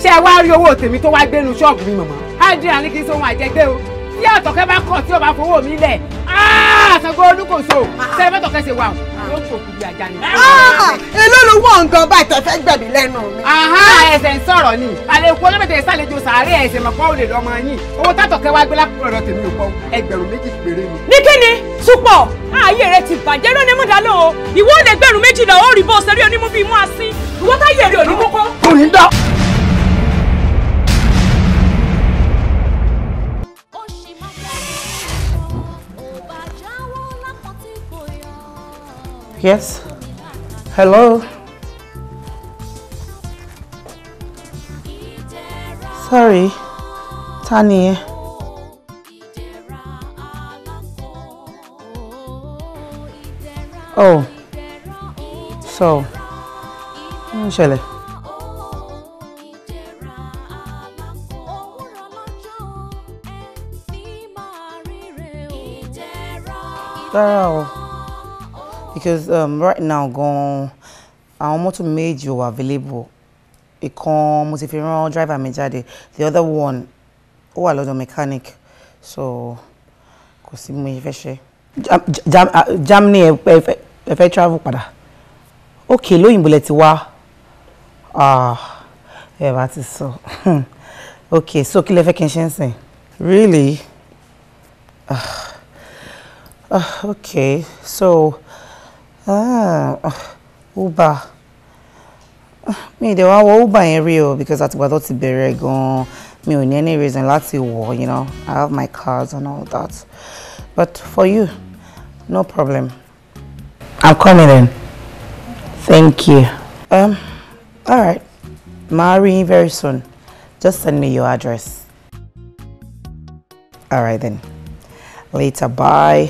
ṣé ẹ wá rí owó tèmi tó wá gbénu ṣọ́ọ̀bù mi màmá. á dín àní kí àjẹgbé o. tí àtọ́kẹ́ bá kọ̀ tí ò bá fowó mi lẹ̀ Ah, Ṣàngó Olúkòso sẹ́fẹ̀tọ̀ ah. kẹsẹ̀ wà ó fòkù bí ajá ni. Ah, èló ló wọ̀ nǹkan bá ìtẹ̀fẹ́ gbẹ̀mí lẹ́nu mi. Ẹsẹ̀ ń sọ̀rọ̀ ni. Àlèkò ọlọ́mọdé ìsàlejò sàárẹ̀ ẹsẹ̀ mọ̀pọ́ olè lọ́mọ yín. Owó tátọ̀ kẹwàá gbé lápò ọ̀dọ̀ tèmi ò pọ̀ ẹgbẹ̀rún méjì péré ni. Ní kíni? Súpọ̀, ààyè rẹ ti bàjẹ́ lónìí mú dáná o. Ìwọ ò lè gbẹ̀rún méjì lọ, ó rí bó ṣe rí onímú bíi mú asín. Ìwọ táyé rẹ ò ní kókó. Kùnrin dá. Yes. Hello. Sorry. Tani. Oh. So. Ń ṣẹlẹ̀. Rárá because um, right now gan àwọn mọ́tò méjì ò wà available ìkan mo ti fi rán driver mi jáde the other one ó wà lọ́dọ̀ mechanic so kò sí mo jam, jam. Germany ẹ fẹ́ travel padà ok lóyìnbó lẹ ti wá ah, ẹ bá ti sọ ok so kí lẹ fẹ́ kí n ṣe ń really uh, uh, Okay, so. Ah, ah uber ah, mi ì dẹ̀ wá wọ uber yẹn rí because that's where ti bẹ̀rẹ̀ gan-an mi any reason lots of war, you know i have my cars and all that but for you no problem i'm coming in thank you um all Marry very soon just send me your address all right then later bye.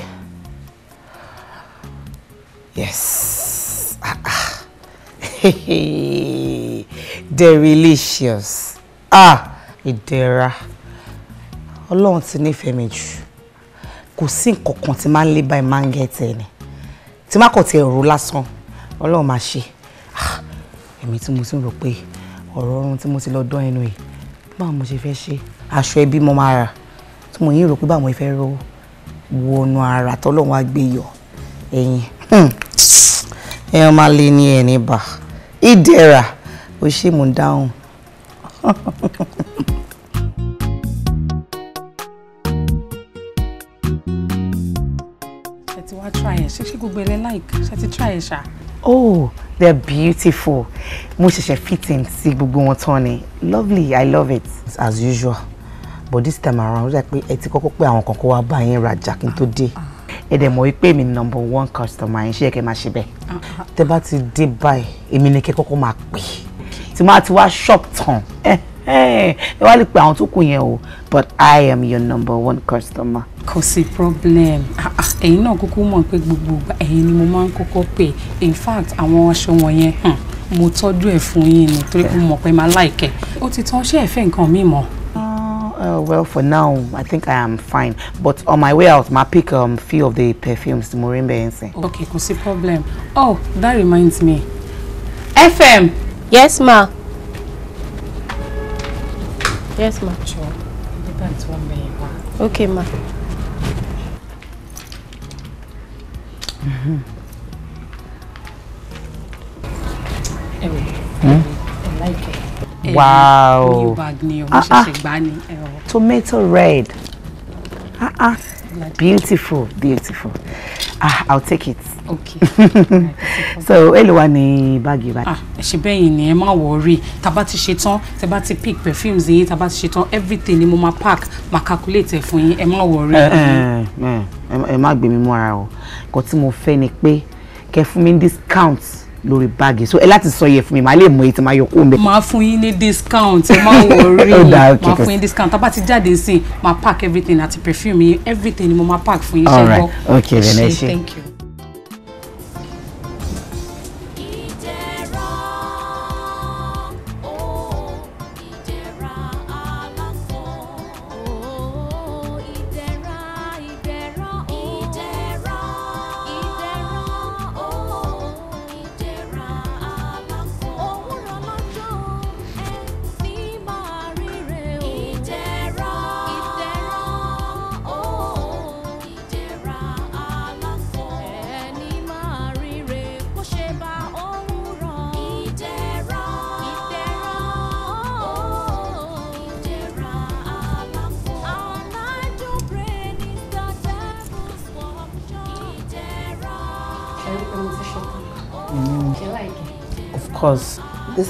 Yes. Ah, ah. Delicious. Ah, ìdẹ̀ra. Ọlọ́run ti nífẹ̀ẹ́ mi jù. Kò sí nǹkan kan tí máa ń lé báyìí máa ń gẹ̀ tẹ̀ ni. Tí má kọ̀ tí ẹ̀rù lásán, Ọlọ́run máa ṣe. Ah, èmi tí mo ti ń rò pé ọ̀rọ̀ ọrùn tí mo ti lọ dán ẹnu yìí, báwo mo ṣe fẹ́ ṣe? Aṣọ ẹbí mo máa rà. Tí mo yín rò pé báwo mo fẹ́ rówó. Wọnú ara tọ́lọ́run á gbé yọ. Ẹ̀yin. Hmm ẹ̀yàn máa lè ní ẹ̀ ní bà ìdẹ̀ra ò ṣe mú dáhùn. ṣe ti wá try ẹ̀ ṣe ṣe gbogbo ẹlẹ́ like ṣe ti try ẹ̀ Sha. oh they're beautiful mo ṣẹ̀ṣẹ̀ fit fitting. sí gbogbo wọn tán lovely i love it as usual but this time around ó dà pé ẹ ti kọ́kọ́ pé àwọn kan kó wá bá yín rajà kí n tó Uh ah, -huh. Ah ẹ dẹ̀ mọ̀ wípé mi number one customer yín ṣé ẹ kẹ́ máa ṣe bẹ́ẹ̀. Uh-huh. tẹ bá ti dé báyìí èmi ni kẹ́ kọ́kọ́ máa pè tí máa ti wá shop tán eh, eh, ẹ wá lè pe àwọn tó kù yẹn o but I am your number one customer. kò sí problem ah, ah, ẹ̀yin náà kúkú mọ̀ pé gbogbo ìgbà ẹ̀yin ni mo máa ń kọ́kọ́ pè in fact àwọn aṣọ wọ̀nyẹn hmm, mo tọ́jú ẹ̀ fún yín ni torí mo mọ̀ pé máa láìkẹ́ ó ti tán ṣé ẹ nǹkan míì mọ́. Uh, well, for now, I think I am fine. But on my way out, my pick um few of the perfumes the Morimbe Ense. Okay, no problem. Oh, that reminds me. FM. Yes, ma. Yes, ma. Sure. ma. Okay, ma. Mm-hmm. Hmm? I like it wow Ah ah. tomato red ah ah beautiful beautiful ah i'll take it. okay so èlò wa ni báàgì báyìí. ah ṣe bẹ́ẹ̀ yìí ni ẹ má wọrí tá bá ti ṣe tán tá bá ti pick perfumes yìí tá bá ti ṣe tán everything ni mo máa pack máa calculate ẹ̀ fún yín ẹ má wọrí. Eh, eh, eh, ẹ má gbé mi mọ́ra o nǹkan tí mo fẹ́ ni pé kẹ́ fún mi discount lórí báàgì so ẹ láti sọ yẹ fún mi màá lè mọ èyí tí màá yọ kó mẹ. màá fún yín ní discount ẹ má wọrí màá fún yín discount tá a bá ti jáde sí i màá pack everything àti perfume yín everything ni mo máa pack fún yín ṣe gbọ́. all right okay then ẹ ṣe thank you.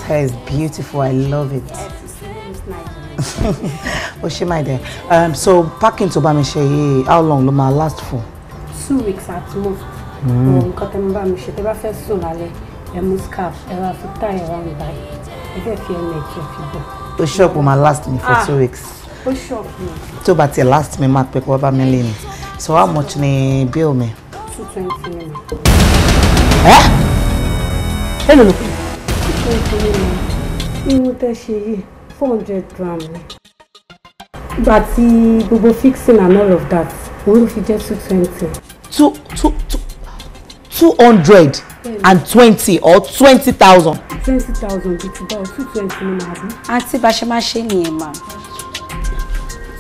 hair is beautiful. I love it. Yes, it's nice. Oshima oh, there. Um, so packing tó bá mi ṣe how long ló my last for? Two weeks at most. Nǹkan hmm. tẹ́ mo bá mi ṣe tẹ́ bá fẹ́ sùn lálẹ́, ẹ e mú scarf, ẹ e wá fi tie ẹ wá mi báyìí. Ẹ bẹ́ẹ̀ fi ẹnu e last me for ah. two weeks. O ṣọ́ọ̀pù mi. Tó bá last me, máa pẹ́ kó wá bá So how much ni bill me? Two twenty Eh? Hello. ẹ́ fẹ́ ṣe é mi irun four hundred gram ni ìgbà tí fixing and all of that we will fix jẹ́ two twenty. two two two hundred and twenty or twenty thousand. twenty thousand bíi ti báwo two twenty ni màá bí. àǹtí bá ṣe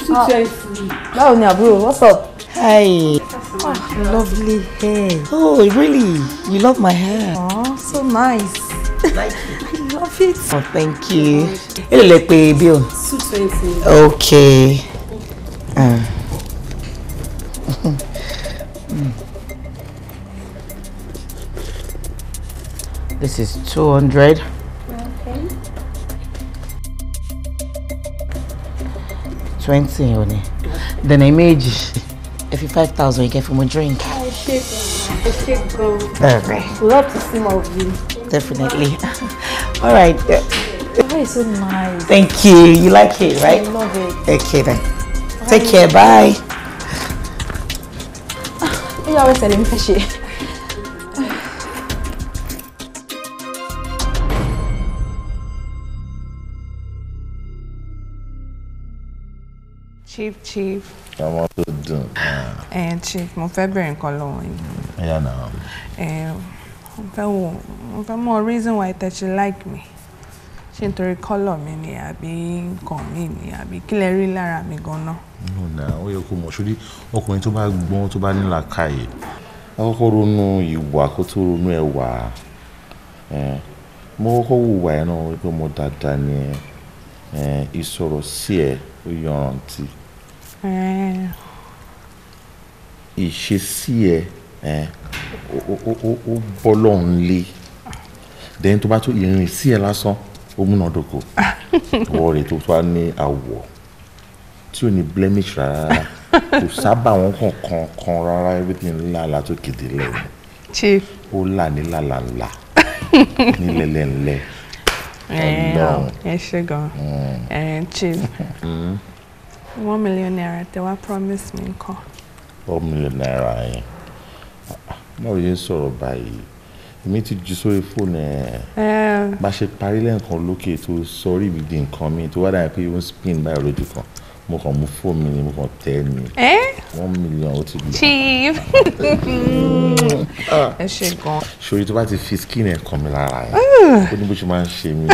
two ah. twenty. báwo ni àbúrò what's up. Hey. Oh, ah. lovely hair. Oh, really? You love my hair? Oh, so nice. Like love it. Oh, thank you. It'll be bill? 220. Okay. Uh. This is 200. Okay. 20 only. Then I made you 5,000 you get from a drink. I shake. I shake, bro. Love to see more of you. Definitely. All right. That is so nice. Thank you. You like it, right? I love it. Okay then. Bye. Take care. Bye. You always tell me fishy. Chief, Chief. I want to do. And Chief, mo fẹ́ in Cologne. Yeah, now. Ẹ̀yà n fẹ́ wò n fẹ́ mọ reason why tẹ́ ṣe like mi ṣé nítorí kọ́lọ̀ mi ni àbí nǹkan mi ni àbí kí lẹ rí lára mi gan-an. nù náà ó yẹ kó mọ̀ sórí ọkùnrin tó bá gbọ́n tó bá ní làákàyè akọ́kọ́ ronú ìwà kó tó ronú ẹwà mo kọ́kọ́ wùwà ẹ̀ náà wípé mo dáadáa ni ìsọ̀rọ̀ sí ẹ̀ ó yọrantí ìṣesí ẹ̀ ó bọ́ lọ́hùn lé dẹ́yìn tó bá tó ìrìn sí ẹ lásán ó múná dóko ọwọ́ rẹ̀ tó wá ní àwọ̀ tí ò ní blemish rárá kò sábà wọn kàn kan kan rárá everything lálá tó kéde lẹ́yìn chief ó là ní lálá ńlá ní lẹ́lẹ́ńlẹ́ ọlọ́run ẹ ṣe gan mm. chief mm. one million naira tẹ wá promise mi nǹkan. one million naira yẹn báwo yẹn sọ̀rọ̀ báyìí èmi ti ju sórí fóònù ẹ̀ bá ṣe parí lẹ́ǹkan lókè tó sọrí ibi di nǹkan mi tó wá dà pé ó ń spin báyìí lójú kan mo kàn mú fóònù mi ni mo kàn tẹ́ ẹ ní one million ó ti lù. chief ah. ẹ ṣe gan. ṣòrí tó bá ti fi skin ẹ̀ kàn mí lára ẹ̀ ah. ó ní bó ṣe máa ń ṣe mí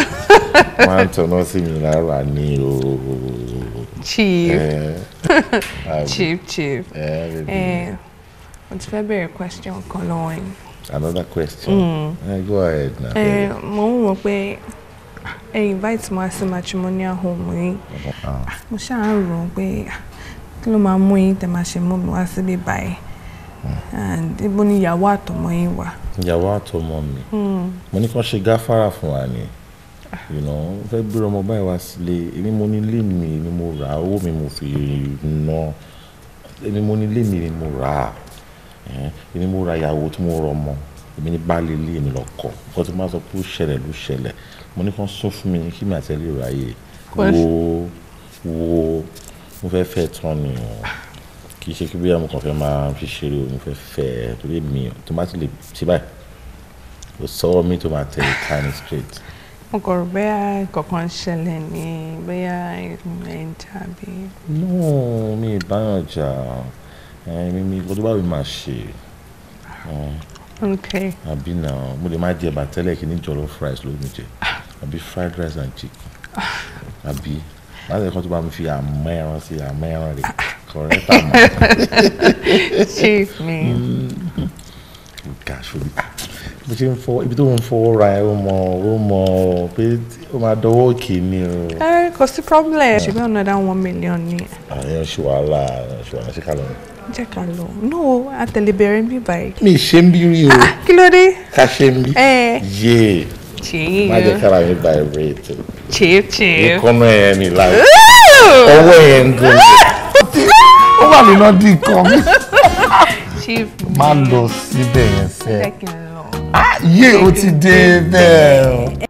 máa ń tọ́nà sí mi lára ní o. chief chief chief. On February, question kan lọ́wọ́ yín. another question. Mm. Hey, eh, go ahead na. ẹ eh, mo ń wọ pé ẹ eh, invite ma sí matrimonial home yín uh-huh. ah, mo ṣáà ń rò ó pé ah, kí ló máa mú yín tẹ máa ṣe mú mi wá síbí báyìí hmm. and ibo ni ìyàwó àtọmọ yín wà. ìyàwó àtọmọ mi hmm. mo ní kàn ṣe gáfárà fún wa ni ah. fẹ́ gbé ọmọ báyìí wá sílé èmi mo ní ilé mi ni mo rà owó mi mo fi ná èmi mo ní ilé mi ni mo rà á èmi mo ra ìyàwó tí mo rọ ọmọ èmi ní baálé ilé èmi lọ kọ nǹkan tí mo bá sọ pé ó ṣẹlẹ̀ ló ṣẹlẹ̀ mo ní kàn sọ fún mi kí mi àtẹ̀lé ìráyè wo wo mo fẹ́ fẹ́ tán ni o kì í ṣe kí bóyá mo kàn fẹ́ máa fi ṣeré o mo fẹ́ fẹ́ ẹ torí mi ò tó má ti lè ṣe báyìí kò sọ́wọ́ mi tó máa tẹ̀lé tiny straight. mo kò rò bóyá kọ̀ọ̀kan ṣẹlẹ̀ ní bóyá ẹ̀ǹtà bí. no mi ì báyọ̀ jà ẹ̀yin eh, mi kó tó bá wù mí máa ṣe eh, àbí nà mo lè má jẹ bàtẹ́lẹ̀ kí ní jollof fries ló mi jẹ àbí fried rice and chicken àbí láti ẹ̀kọ́ tó bá mi fi àmọ́ ẹran sí àmọ́ ẹran rẹ̀ correct àmọ́. chief mi. gosh obi mo ṣe ń fọ ibi tó ń fọwọ́ ra ẹ ó mọ ó mọ pé ó máa dọwọ́ òkè ni o. ẹ eh, kò sí problem. ṣùgbọ́n another one million ni. àyẹ̀ ah, ṣùwàlà ṣùwàlà ṣe ká lọ́nà jẹ́ ká lọ no àtẹlẹbẹrẹ mi báyìí. mi ṣe ń bí rí o. Ah, kí ló dé. ká ṣe ń bí. Eh. yé má jẹ́ kára mi bá ẹ rẹ̀ tó. chief chief. ìkọ́nà ẹ̀ ní láì. ọwọ́ ẹ̀ ń gbọ́. ó wà nínú dín kan mi. chief mi. má lọ síbẹ̀ yẹn fẹ́. Ah, yé o ti dé bẹ́ẹ̀.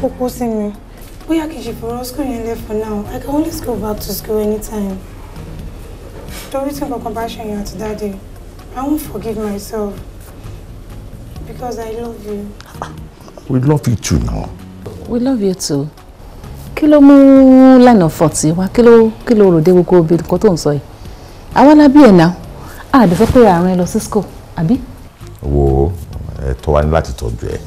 kókó me. mi bóyá kì í ṣe school in there for now I can always go back to school anytime torí tí nǹkan kan bá ṣe yàn àti dáadé I won't forgive myself because I love you. We love you too now. We love you too. kí ló line of forty. wá kilo kilo kí ló rò dé gbogbo ibi nǹkan tó ń sọ yìí àwọn alábí ẹ̀ náà àdìfẹ́ pé àárín lọ school àbí. wo to wa ní láti tọ́jú ẹ̀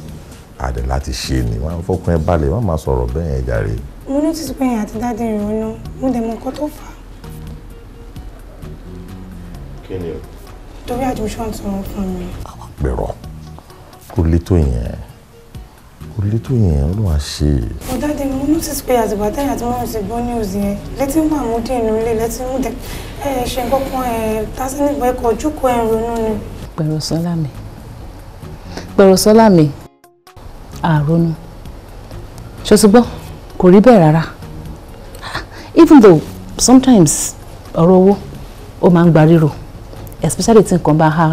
bẹ̀rẹ̀ láti ṣe ni wọ́n fọkùn ẹ balẹ̀ wọ́n máa sọ̀rọ̀ bẹ́ẹ̀ yẹn jàre. mo ní títí pé àti dáadé rẹ̀ ọ̀nà mo dẹ̀ mọ nǹkan tó fà á. kí ni o. torí àjọṣọ́ àti ọmọ fún mi. àwọn àpérò kò lè tó yẹn kò lè tó yẹn ló wàá ṣe. ọ̀dàdé mo ní títí pé àtìgbà tẹ́yìn àti mọ́rùn ti gbọ́ ní òsì yẹn létí ń bá àwọn òde ìnú ilé létí ń dẹ ẹ ṣe kọ́kọ́ ẹ tásínìbọ̀ ẹ̀kọ́ ojúkọ ẹ̀ ronú ni. pẹ̀rọ̀sọ́lá mi àrònú ṣòṣùgbọ́ kò rí bẹ́ẹ̀ rárá even though sometimes ọ̀rọ̀ owó ó máa ń gba ríro especially tí nǹkan bá há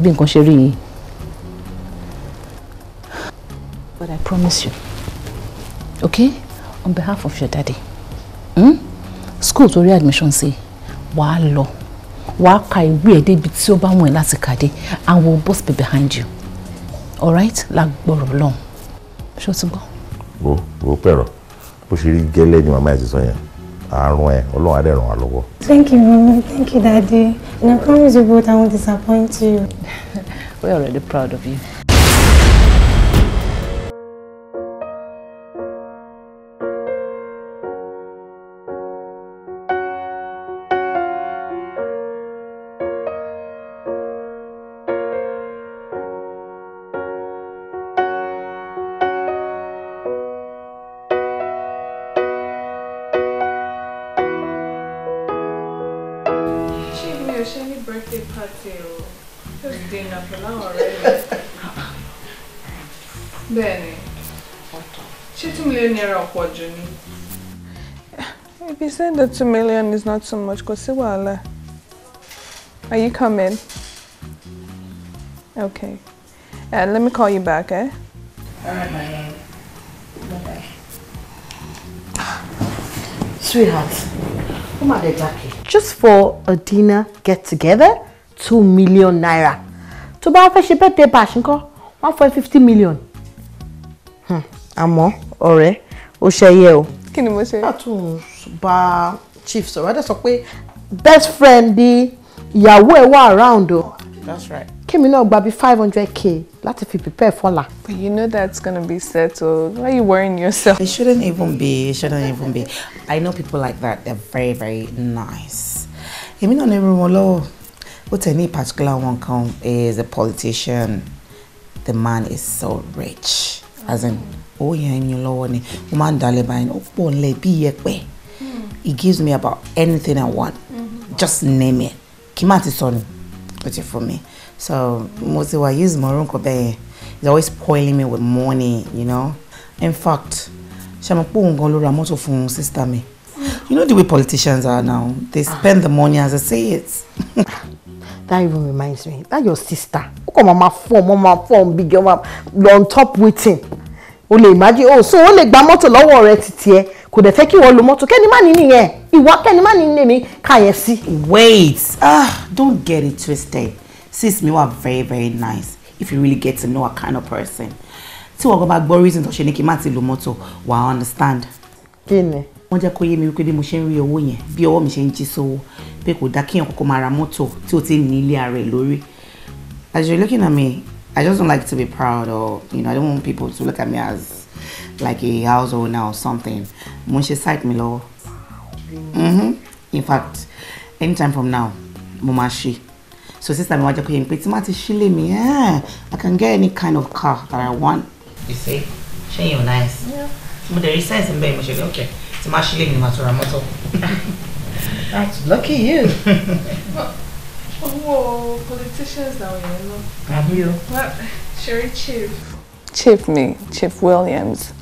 bí nǹkan ṣe rí yìí but I promise you okay on behalf of your daddy hmm? school tó rí admission sí wàá lọ wàá ka ìwé ẹ̀ débi tí ó bá wọ̀n láti kàdé and we will both be behind you alright lágbọ̀rọ̀ lọ́hùn ṣó ti gbọ́. wo wo pẹ̀rọ bó ṣe rí gẹ́lẹ́ ni màmá ẹ̀ ti sọ yẹn àárún ẹ ọlọ́run adé ràn wá lọ́wọ́. thank you mama thank you daddy and i promise you both i won't disappoint you. we are already proud of you. a two million is not so much. Kò sí wàhálà. Are you coming? Okay. And uh, let me call you back, eh? Alright, my love. Bye-bye. Sweetheart, who Just for a dinner get-together, two million naira. Tó buy a ṣe birthday bash ńkọ́, one point fifty million. Hmm. Àmọ́, ọ̀rẹ́, ó ṣe yẹ o. Kí mo bá chief sọ̀rọ̀ ẹ̀ dẹ̀ sọ pé best friend bí ìyàwó ẹ̀ wà around o. That's right. Kémi náà gba bí five hundred k láti fi prepare fọ́la. But you know that's gonna be settled. Why are you worrying yourself? It shouldn't even be. It shouldn't even be. I know people like that. They're very very nice. Èmi náà ní irun wọn lọ́wọ́. Ó tẹ̀ ní particular one kan is a politician. The man is so rich. As in, owó yẹn ń yín lọ́wọ́ ni. Ó máa ń dalẹ̀ báyìí. Ó pọ̀ nílẹ̀ bí iyẹ̀pẹ̀ he gives me about anything I want mm-hmm. just name it Kimati son, put it for me. so mo ti wà use mo orúkọ he's always spoiling me with money you know in fact ṣe mo pé òun gan ló sister me. Mm-hmm. you know the way politicians are now they ah. spend the money as I say it. that even reminds me that your sister ó kàn máa ma form ó máa big on top waiting. o imagine oh so o lè gba mọ́tò lọ́wọ́ rẹ kò dẹ̀ fẹ́ kí wọ́n lo mọ́tò kẹ́ni má ní nìyẹn ìwà kẹ́ni má ní nìyẹn ká sí. wait ah don't get it twisted sis mi wa very very nice if you really get to know a kind of person tí wọ́n bá gbọ́ reason tó ṣe ni kí n má ti lo mọ́tò wà á understand. kí ni. wọ́n jẹ́ kó yé mi wípé bí mo ṣe ń rí owó yẹn bí ọwọ́ mi ṣe ń jí sówó pé kò dá kéèyàn kọ́kọ́ máa ra mọ́tò tí o ti ní ilé ara ẹ̀ lórí. as you're looking at me I just don't like to be proud or you know I don't want people to look at me as like a house owner or something mo ń me, site mi lọ́wọ́ mm-hmm. in fact anytime from now mumashi. so sister mi wá jẹ́ kó yé mi pé tí má ti eh, i can get any kind of car that i want. you see ṣé yóò nice mo dẹ̀ rí sense ń bẹ́ẹ̀ mo ṣe okay tí má ṣílè mi ni motor tó that's lucky you. Whoa, politicians now, you know. Have you? What? Sherry Chief. Chief me, Chief Williams.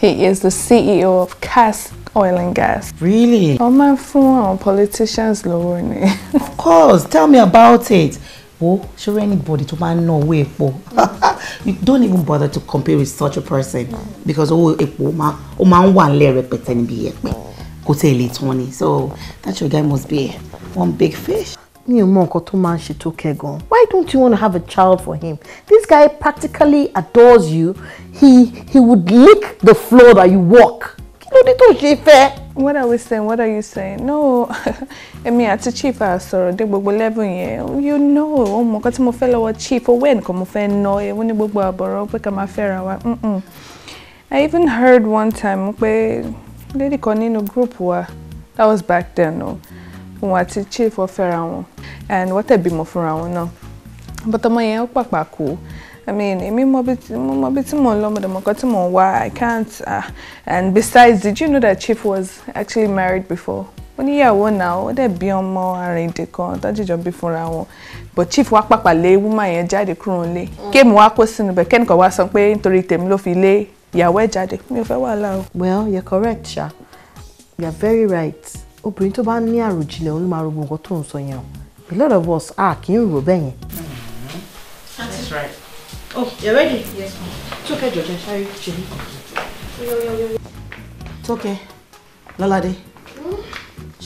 He is the CEO of CAS Oil and Gas. Really? Ó my phone! fún politicians lówó ni. Of course, tell me about it. Oh, ṣọ́rọ́ anybody to máa ń ná owó You don't even bother to compare with such a person because oh, epo ó máa ń wà nílẹ̀ rẹpẹtẹ níbi yẹpẹ. Kò tẹ̀ lè so that your guy must be one big fish mi ò nǹkan tó máa ń ṣe tó kẹ́ why don't you wanna have a child for him this guy practically adores you he he would lick the floor that you walk kí ló dé tó ṣe fẹ́. what are we saying what are you saying no èmi àti chief a sọ̀rọ̀ dé gbogbo level yẹn you know ohun nǹkan tí mo fẹ́ lọ́wọ́ chief owó ẹnìkan mo fẹ́ ná ewu ní gbogbo àbọ̀rọ̀ pé ká máa fẹ́ra wa i even heard one time pé lady kan nínú group wa that was back then o. No? òun àti chief wọ́n fẹ́ra wọn and wọ́n tẹ̀ bímọ fúnra wọn náà but ọmọ yẹn ó pàpà kú I mean, èmi mọ bí tí mo mọ bí tí mo ń lọ mo dẹ̀ mọ nǹkan tí mo ń wá I can't uh, and besides did you know that Chief was actually married before? ó níyàwó náà ó dẹ̀ bí ọmọ arìndè kan tájìjọ bí fúnra wọn but Chief wá pàpà lé woman yẹn jáde kúrò nílé kéèmù mm. wá kó sínú bẹ̀ kẹ́nìkan wá sọ pé nítorí tèmi ló fi lé ìyàwó ẹ̀ jáde mi ò fẹ́ wàhálà o. Well, you're correct ṣá you're very right obìnrin tó bá ní àròjinlẹ̀ òun ló máa ro gbogbo tó ń sọ yẹn o a lot of us ah, kì í rò bẹ́ẹ̀ that is right. oh you ready. yes ma. tókè jọjọ ṣáré ṣe mí. tókè lọ́ládé hmm?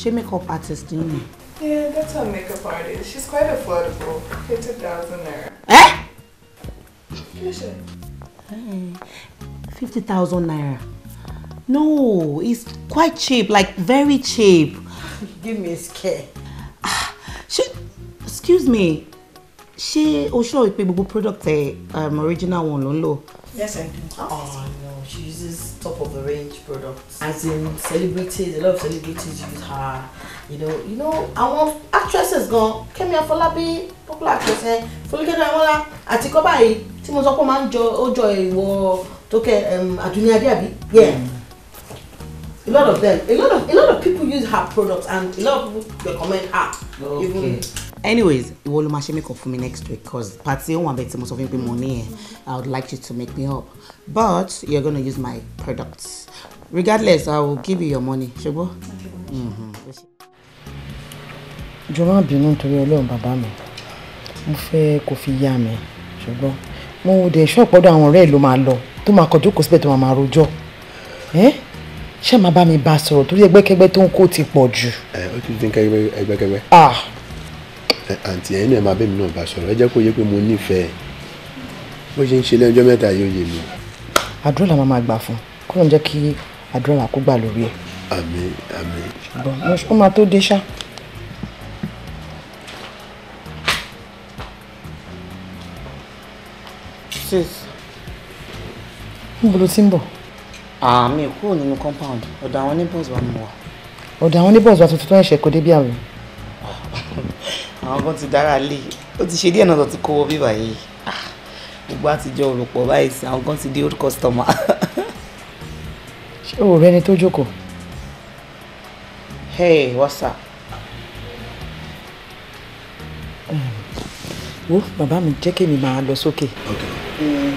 ṣé makeup artist yìí ni. Yeah, that's her makeup artist. She's quite affordable. 50,000 naira. Eh? Fifty thousand naira. No, it's quite cheap, like very cheap. Give me a scare. She, ah, excuse me, She, oh sure, ṣọ́ ìpè gbogbo product ẹ̀ um, original one ló Yes, I do. Oh, no, she uses top of the range products. As in celebrities, a lot of celebrities use her. You know, you know, I want actresses gan, Kemi Afolabi, popular actress ẹ̀, eh, Folúkẹ́ Dáwọ́lá, àti kọ́ báyìí tí mo sọ pé ó máa ń jọ ó jọ ìwọ tó um, Yeah. Mm a lot of them a lot of a lot of people use her products and a lot of people recommend her okay. even anyways you will máa ṣe make up fún mi next week because party ohun abẹ tí mo sọ fún mi pé mo i would like you to make me up but you're gonna use my products regardless i will give you your money ṣùgbọ́n. jọ̀wọ́ bínú nítorí ọlọ́run bàbá mi mo fẹ́ kó fi yá mi ṣùgbọ́n mo dẹ̀ ṣọ́ọ̀pọ̀ ọ̀dọ̀ àwọn ọ̀rẹ́ ẹ̀ ló máa lọ to máa kọjú kó ṣé máa bá mi bá sọ̀rọ̀ torí ẹgbẹ́kẹ́gbẹ́ tó ń kó ti pọ̀ jù. ẹ ó ti dín ẹgbẹ́kẹ́gbẹ́. Ah. àǹtí ẹ̀yin náà máa bẹ́ẹ̀ mi náà bá sọ̀rọ̀ ẹ jẹ́ kó yé pé mo nífẹ̀ẹ́ bó ṣe ń ṣe lẹ́jọ́ mẹ́ta yóò yé mi. àdúrà la máa máa gbà fún kó lóun jẹ́ kí àdúrà la gbà lórí ẹ̀. àmín àmín. ṣùgbọ́n máa tó dé ṣá. sis. níbo ló ti ń bọ̀? àmì ah, kúrò nínú compound ọ̀dọ̀ àwọn neighbors wa mọ̀ wá. ọ̀dọ̀ àwọn neighbors wa tuntun tó ń ṣe kò débi àwẹ̀. àwọn kan ti dára lé ó ti ṣe díẹ̀ náà lọ ti kówó bíbà yìí ah, gbogbo àtijọ́ olùpọ̀ báyìí sí àwọn kan ti di old customer. ṣé òòrẹ́ ni tó jókòó. hey what's up. wo bàbá mi jẹ́ kémi máa lọ sókè. okay. Mm.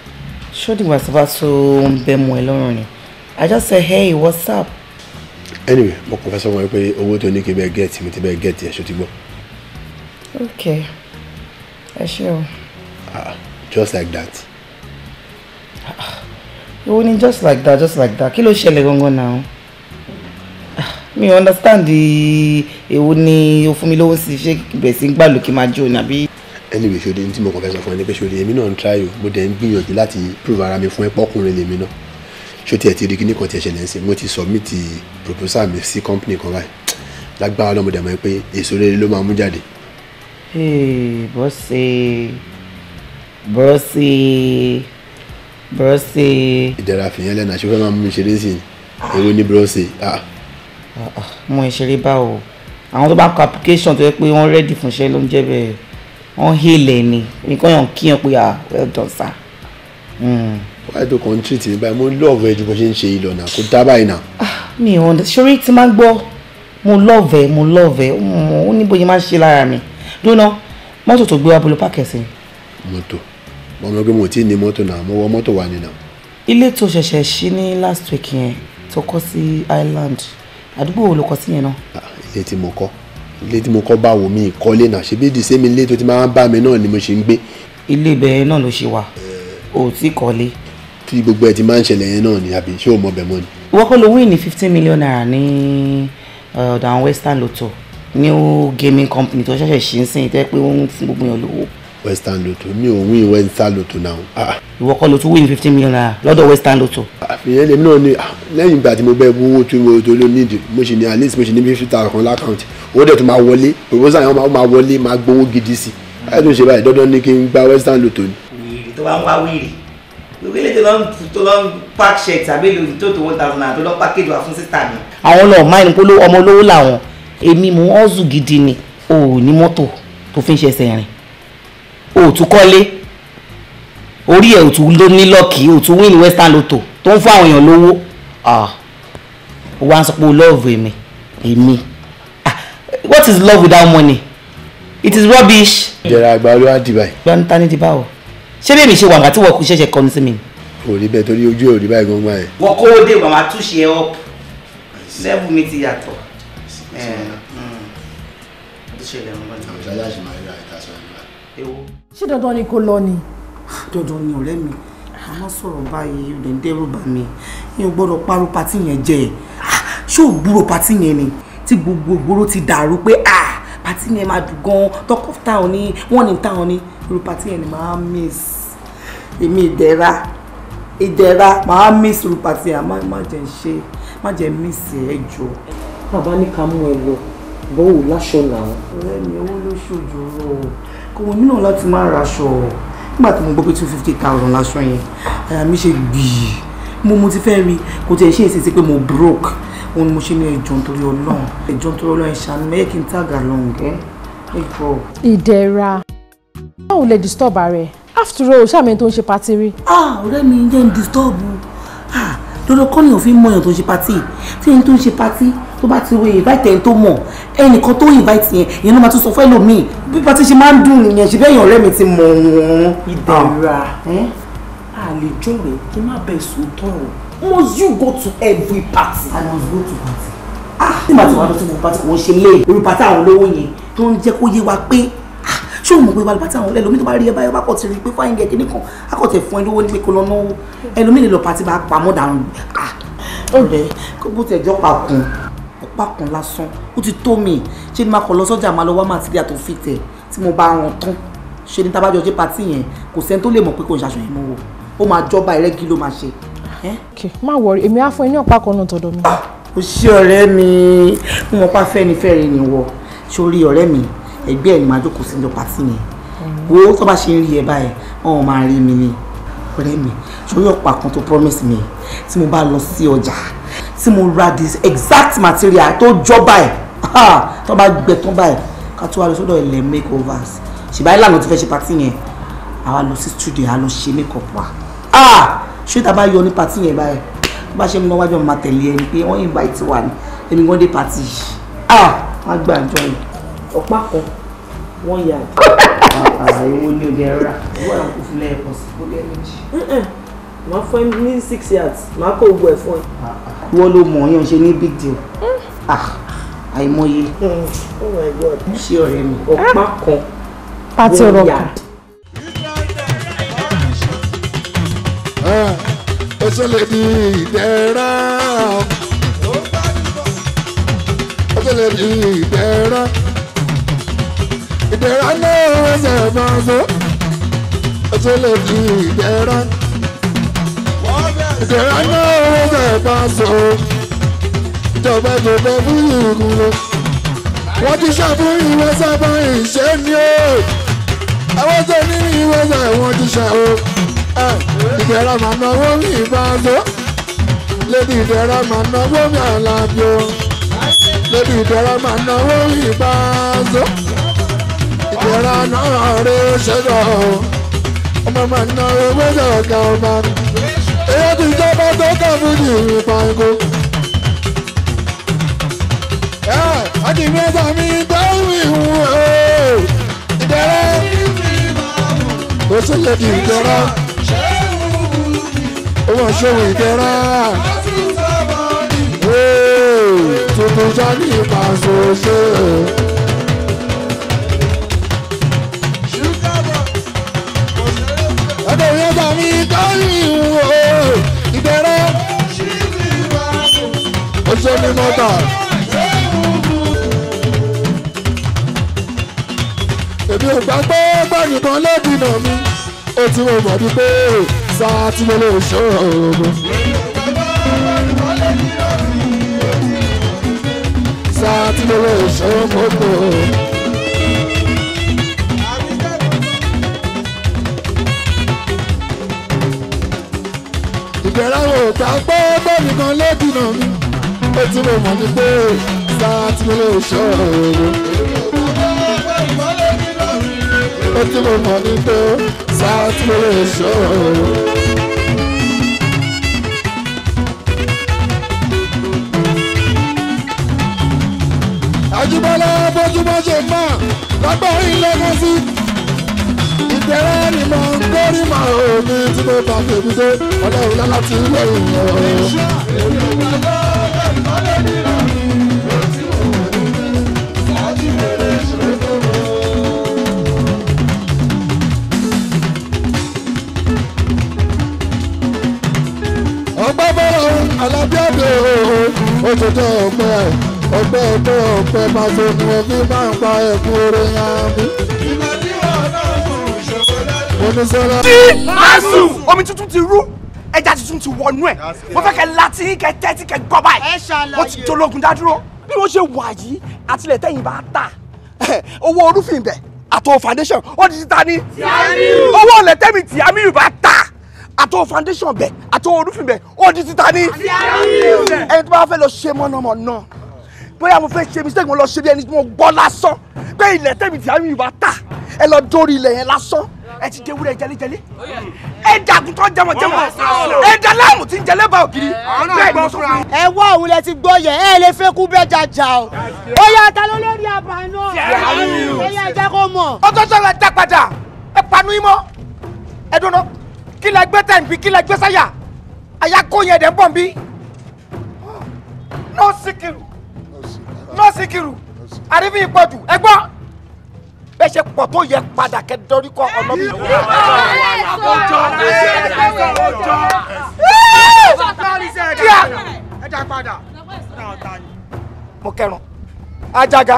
ṣódìgbà was about to be bẹ mọ́ I just say hey what's up. anyway mo professor, fẹ́ sọ wọn pé owó tó ní kí n bẹ gẹ́ẹ̀tì mi ti bẹ gẹ́ẹ̀tì ẹ̀ ṣó ti ah just like that. You ah, ni just like that just like that Kilo ló ṣẹlẹ̀ now. Me, ah, mi understand the you o you familiar with the ṣé bẹ̀rẹ̀ sí ń gbàlù kí anyway ṣòde ní tí mo kàn fẹ́ sọ fún ẹ ní pé ṣòde èmi náà ń try o mo dẹ̀ ń gbìyànjú láti prove ara mi fún ẹ pọ́kùnrin lèmi náà ṣó tiẹ̀ ti rí kíní kan tiẹ̀ ṣẹlẹ̀ ń sìn mo ti submit proposal mi sí company kan báyìí lágbára lọ́mọdé àmọ́ pé èso rere ló máa mú jáde. bọ́sẹ̀ bọ́sẹ̀ bọ́sẹ̀. ìdẹ̀ra fìyàn lẹ́nu àṣẹ fẹ́ máa mú ìṣeré sí i èwo ní bọ́sẹ̀. Ah. Ah, ah, mo ìṣeré báwo àwọn tó bá kọ application tó yẹ pé wọ́n rẹ́dì fúnṣẹ́ ló ń jẹ́ bẹ́ẹ̀ wọ́n hélẹ̀ ni nǹkan yàn kíyàn pé à ah, well done sir. wáyé tó kàn ń tì tì báyìí mo lọ́ọ̀vù ẹ ju bó ṣe ń ṣe yìí lọ́nà kó dá báyìí náà. Ah, mi ò ṣorí tí máa gbọ́ mo lọ́ọ̀vù ẹ mo lọ́ọ̀vù ẹ ó ní bóyá máa ń ṣe lára mi lónà mọ́tò tó gbé wa bolo pákẹ́ sí. mọ́tò ọmọ ẹgbẹ́ mo tí ì ní mọ́tò náà mo wọ mọ́tò wa nínà. ilé tó ṣẹ̀ṣẹ̀ ṣí ní last week yẹn tó kọ́ sí island àdúgbò wo ló kọ́ sí yẹn náà. Ah, ilé tí mo kọ́ ilé tí mo kọ́ bá wò mí ìkọ́lé náà ṣe bí the same ilé tó ti máa ń bá mi náà ni mo ṣe ń gbé. ilé ibẹ̀ náà ló ṣe wà eh. ò tí kọ́lé. tí gbogbo ẹ ti máa ń ṣẹlẹ̀ yẹn náà ni àbí ṣé o mọ bẹ̀ mọ́ ni. wọ́n kọ́ ló win ní fifteen million naira ní eh, ọ̀dọ̀ àwọn Western Lotto new gaming company tó ṣẹ̀ṣẹ̀ ṣí ń sìn tẹ́ pé ó ń fún gbogbo yẹn lówó western lotto mi ò win western lotto náà. Ah. ìwọ kọ́ ló tún win fifteen million naira lọ́dọ̀ western lotto. àfihàn ah, lèmi náà ni ah, lẹ́yìn ìgbà tí mo bẹ́ẹ̀ wọ́wọ́ tí mo tó ló níìdì mo sì ní at least mo sì ní fifty thousand kan lákàntì owó dẹ̀ tó máa wọlé proposal yẹn máa wọlé máa gbowó gidi sí i láti tó ṣe báyìí dandan ni kí n gba western lotto ni. wíìrì tó bá ń wá wíìrì wíìrì tó lọ ń tó lọ ń pack shirt àbí lóyún tó tó one thousand naira tó lọ package wà fún sísá mi. àwọn lọ máa ní polówó ọmọ olówó làwọn èmi mò ń ni o ò ní mọ́tò tó o tún kọ́lé orí ẹ̀ o tún ló ní lọ́ọ̀kì o win western lotto tó ń fún àwọn èèyàn lówó o ah, wá ń sọ pé o love èmi èmi ah, what is love without money it is rubbish. ìjẹ̀rẹ̀ àgbà olúwa ti báyìí. lọ ní tani ti bá o ṣé bí èmi ṣe wà nígbà tí wọ́n kú ṣẹ̀ṣẹ̀ kọ́ ní sí mi. kò rí bẹ́ẹ̀ torí ojú ẹ̀ ò rí báyìí gbọ́ngbọ́n ẹ̀. wọ́n kówó dé màmá túṣe ẹ̀ up level mi ti yàtọ̀. ẹ̀ ṣe lè ń bọ̀ ṣé dandan ni kò lọ ni. dandan ni ọ̀rẹ́ mi a má sọ̀rọ̀ báyìí rẹ̀ ń dẹ́rù bà mí yín o gbọ́dọ̀ parọ́ patí yẹn jẹ ẹ̀ ah, ṣé ò gbúrò patí yẹn ni tí gbogbo ìgboro ti dàrú pé ah, patí yẹn máa dùn gan talk of town ni wọ́n ní town ni irú patí yẹn ni màá miss èmi ìdẹ́ra ìdẹ́ra màá miss irú patí yẹn má jẹ́ ṣe má jẹ́ miss ẹ̀ jọ. bàbá ní ká mú ẹ lọ bọ́wọ́ láṣọ làwọn. ọ̀rẹ́ mi owó ló ṣòjò rọ̀ kò wọ́n nínú láti máa raṣọ nígbà tí mo gbọ́ pé two fifty thousand láṣọ yẹn àyà mi ṣe gbìyì mo mo ti fẹ́ rí kò tiẹ̀ ṣe èsì pé mo broke òun ni mo ṣe ní ẹjọ́ nítorí ọlọ́run ẹjọ́ nítorí ọlọ́run ṣàánú mẹ́yẹ́ kí n tàgà lọ́hùn ẹ́ ẹ̀kọ́. ìdẹ̀ra báwo lè disturb ààrẹ after all ṣàmì tó ń ṣe patí rí. ah ọ̀rẹ́ mi jẹ́ ń disturb ah dandan kọ́ni òfin mọ èèyàn tó ń ṣe patí tí ẹni tó ń ṣe patí tó bá ti invite ẹni tó mọ̀ ẹnìkan tó invite yẹn ìyẹn ló máa tún sọ fún ẹlòmíì bí pati ṣe máa ń dùn nìyẹn ṣe bẹ́ẹ̀ yàn ọ̀rẹ́ mi ti mọ̀ wọ́n. ìdẹ̀ra àlejò rẹ̀ kí má bẹ̀ sóòótọ́ rẹ̀ must you go to every party. I must go to party. ah nígbà tí wàá lọ sí party kò ń ṣe lé orí party àwọn olówó yẹn tó ń jẹ́ kó yé wa pé ah, ṣé o mọ̀ pé balùbátà àwọn ẹlòmíì tó bá rí ẹ bá kọ̀ ti rí pé fáyín gẹ̀ẹ́dẹ́ nìkan a fún ẹ lówó ní pé kó lọ náwó ẹlòmíì lè lọ party bá pamọ́ dànù ah, ọ̀rẹ́ kó bó pa kùn pápá kan lásán ó ti tó mi ṣé ni máa kọ̀ lọ sọ́jà máa lọ wá material tó fit ẹ̀ tí mo bá rán tán ṣé ni tábàjọ ṣe pàtì yẹn kò sẹ́ni tó lè mọ̀ pé kò ń ṣaṣọ yẹn mọ́ o ó máa jọba ìrẹ́gí ló máa ṣe. ok má wọrí èmi á fún ẹ ní ọ̀pá kan náà tọ̀dọ̀ mi. o ṣé ọ̀rẹ́ mi mo mọ̀ pa fẹ́ni fẹ́rin ni wọ sórí ọ̀rẹ́ mi ẹgbẹ́ ẹ̀ ni màá jókòó sí ní pàtì yẹn mm. wo tó bá ṣe ń rí ẹ báyìí wọn máa rí mi ni ọ̀rẹ́ mi sórí ọ̀pá kan tó promise mi tí mo bá lọ sí ọjà tí mo ra this exact material tó jọ báyìí tó bá gbẹ tán báyìí ká tó wá lọ sọ́dọ̀ ilẹ̀ makeovers ṣùgbọ́n ìlànà tó fẹ́ ṣe pàtí yẹn àwa lọ sí studio àá lọ ṣe makeup wa ṣé tá a bá yọ ní pàtí yẹn báyìí tó bá ṣe mú níwájú ọmọ tẹ̀lé ẹni pé wọ́n invite wa ni èmi gan dé pàtí wọ́n gbà ń jọ yìí. ọ̀pá kan wọ́n yà á. àìwò ni òde ẹ̀rọ wọ́n yà kó fúnlẹ̀ ẹ̀kọ́ sí kó lẹ́ẹ̀mejì. wọ́n fún ẹ ní six yards màá kó gbogbo ẹ̀ fún ẹ. Ah, ah wọ́n ló mọ̀ yàn ṣe ní big deal eh? ah, àìmọye oh ṣé ọ̀rẹ́ mi ah. ọ̀pá kan pàtó rọ̀kà. Ah, ó ṣẹlẹ̀ ní ìdẹ́ra ó ṣẹlẹ̀ ní ìdẹ́ra ìdẹ́ra náà ó ṣẹ̀ máa sọ ó ṣẹlẹ̀ ní ìdẹ́ra ìdẹ̀ra náà ó fẹ́ bá sọ ìjọba kò fẹ́ fún ìrùn lọ. wọ́n ti ṣàfún ìwé sábà ìṣe ni ó àwọn tó ní ìwé sábà wọ́n ti ṣà ó ìdẹ̀ra màá náwó mi bá sọ lẹ́dí ìdẹ̀ra màá náwó mi àlàbí ó lórí ìdẹ̀ra máa náwó ìbáàzó ìdẹ̀ra náà rẹ̀ ṣẹ́dọ̀ ọmọ máa náwó gbọ́dọ̀ ọ̀gá ọba mi ti jọba tó kàfí ní ìpàgò. àti mẹ́ta mi dáhùn ìhun ooo ìdẹ́rẹ́ ó sì lè di ìdẹ́rẹ́ ó wọ́n ṣòwò ìdẹ́rẹ́ tuntun jọ ní ìpàṣẹ òṣèlú. mi dọ́yìn wò bẹ̀rẹ̀. ó ṣe ní mọ́tà. èmi ò gbà pé gbàgbọ́n lẹ́bìnà mi ó ti mọ̀ mọ́ bí pé sáà tí mo lè ṣòro. sáà tí mo lè ṣòro. ìbẹ̀rẹ̀ àwọn òkè àpò bọ́ọ̀lù kan lẹ́dùnà mi ó tún lè mọ̀ ní pé sáà tí mo lè ṣọ́ ọ̀rọ̀ ó tún lè mọ̀ ní pé sáà tí mo lè ṣọ́ ọ̀rọ̀. Àjíbọ́lá bójúmọ́ ṣe máa lágbára ilé ìtẹ́rẹ́ ni mo ń kórì máa omi tí mo bá tèmi dé ọlọ́run lọ́la ti ń lọ ìyẹn o. ọgbẹ́ bọ́lá alábíàdé òtútù ọgbẹ́ ọgbẹ́ ọgbẹ́ ọgbẹ́ máa tó ni wọ́n fi máa ń pa ẹ̀kún orin yá mi oníṣẹ́lá. tí asu omi tuntun ti rú ẹja tuntun ti wọnú ẹ mo fẹ́ kẹ́ láti kẹ́ tẹ́tí kẹ́ gbọ́ báyìí mo ti jológun dádúró bí wọ́n ṣe wà yìí àtìlẹ̀ tẹ́yìn bá ta owó orúfin bẹ̀ àtọ̀ foundation ó ti ta ni owó ọ̀lẹ̀ tẹ́mi tí amiru ta àtọ̀ foundation bẹ̀ àtọ̀ orúfin bẹ̀ ó ti ta ni ẹni tó bá fẹ́ lọ ṣe mọ́nàmọ́ná bóyá mo fẹ́ ṣe mistake mo lọ ṣe bí ẹni tí mo gbọ́ lásán pé ilẹ̀ tẹ́mi tí amiru ta ẹ lọ dórí ilẹ̀ yẹn lásán ẹ ti jẹ wúrẹ jẹlẹjẹlẹ oh, ẹ dàgùtọ jẹmọ jẹmọ oh, ẹ dà láàmú tí ń jẹlẹ bá ògiri eh, bẹ́ẹ̀ ni sọ fún mi. ẹ wá òun lẹ ti gbọ́ yẹ ẹ lè fẹ́ kú bẹ́ẹ̀ jàjà o ó yà ta ló lórí àbá ẹ yà jẹ́ kó mọ̀. ó tó sọ̀rọ̀ ẹ dá ẹ panu imọ́ ẹ dúró kí la gbé tẹ̀ ń bí kí la gbé sáyà àyà kó yẹn dẹ̀ ń bọ̀ ń bí. nọ́ọ̀sì kìrù nọ́ọ̀sì kìrù àrífín ìpọ̀jù ẹ gbọ́ bẹ́ẹ̀ ṣe pọ̀ tó yẹ padà kẹ́ dọ́ríkọ ọ̀nà mi. mo kẹrun ajaga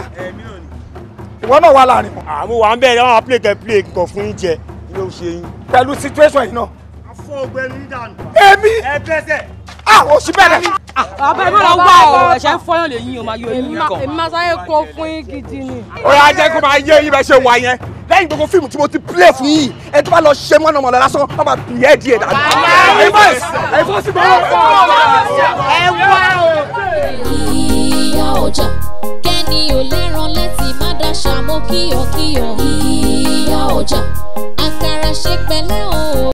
ìwọ náà wà láàrin wọn. àmú wa ń bẹ̀rẹ̀ wọn play kẹ́ play nǹkan fún yín jẹ ní o ṣe yín. pẹ̀lú situation yìí náà. a fọ ọgbẹ́ni dànù. èmi. ẹ bẹ́sẹ̀. a ò sí bẹ́ẹ̀ rẹ̀ abẹ́ mọ̀ lọ wá o ẹ̀ṣẹ̀ ń fọyán lè yín o máa yọ eyín kan. èmi máa sáyé kọ fún yín gidi ni. ó yà á jẹ́ kó máa yé yín bẹ́ẹ̀ ṣe wà yẹn lẹ́yìn gbogbo fíìmù tí mo ti play fún yìí ẹ tó bá lọ ṣe mọ́nà mọ́nà lásán wọ́n máa bì ẹ́ díẹ̀ dànù. ẹ fọ́ ẹ fọ́ sí gbọ́dọ̀. ẹ wá o. ìyá ọjà kẹ́ni ò lẹ́ran létí má dáṣà mọ́ kíyọ̀kíyọ̀ ìyá ọjà àkàrà ṣe pẹ̀lẹ́ o.